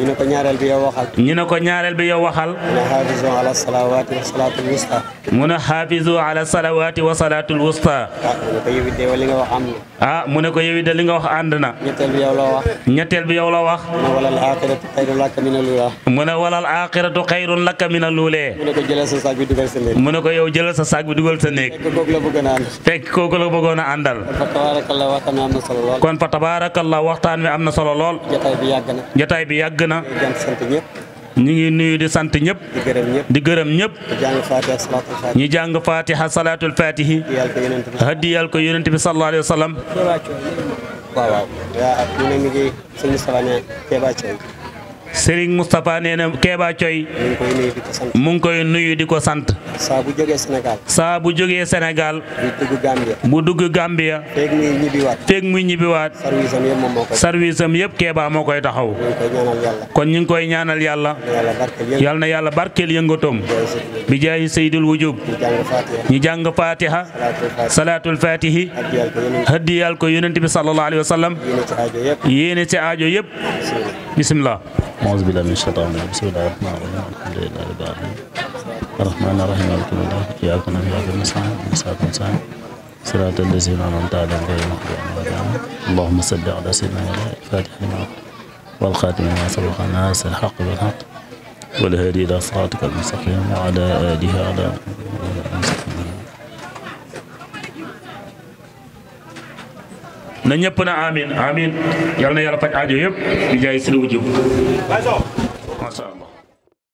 Speaker 1: ñu ne
Speaker 2: ko ñaareel bi yow waxal.
Speaker 1: ñu ko ñaareel bi yow waxal. mu
Speaker 2: ne xaafizu ala salawaati wa salaatul wusta.
Speaker 1: mu ne xaafizu ala salawaati wa salaatul wusta. ah mu ne ko yow it de li nga na. Ah, mu ne ko yow it de li nga wax ànd na. ñetteel bi yow la wax. ñetteel bi yow la wax. mu ne walal aaxiratu xayrun laka mina luulaa. mu ne walal aaxiratu xayrun laka mina luulee. mu ko jëlal sa saag bi dugal sa néeg. mu ne ko yow jëlal sa bi dugal sa a
Speaker 2: ànd.
Speaker 1: fekk kooku a àndal. kon na. ñu ngi nuyu di sant ñëpp. di gërëm ñëpp di gërëm ñëpp. ñu jàng fatiha salaatul fatihi. hadiyal ko yonent bi sallallahu alayhi wa sallam.
Speaker 2: waaw waaw.
Speaker 1: Serigne Moustapha nee na Kéba Coy mu ngi koy nuyu di ko sant. saa bu jógee Sénégal. bu jógee Sénégal. bu dugg Gambia. bu dugg Gambia. feeg muy ñibbiwaat. feeg muy ñibbiwaat. moo koy. service taxaw. kon ñu ngi koy ñaanal yàlla. yal na yàlla barkeel yëngatoom. bi jaay Seydul Wujub. ñu jàng Fatiha. salaatul Fatihi. haddiyal ko yonent bi sallallahu alayhi wa sallam. yéene ci aajo yëpp. bisimilah. أعوذ بالله من الشيطان الرجيم بسم الله الرحمن الرحيم الحمد لله رب العالمين الرحمن الرحيم مالك يوم الدين إياك نعبد وإياك نستعين إهدنا الصراط صراط الذين أنعمت عليهم غير المغضوب عليهم ولا اللهم صل على سيدنا محمد الفاتح لما والخاتم لما سبق الناس الحق بالحق والهادي إلى صراطك المستقيم وعلى آله على na ñëpp na amin amin yalla na yalla faj aajo yeb di jay sëriñ wu jub.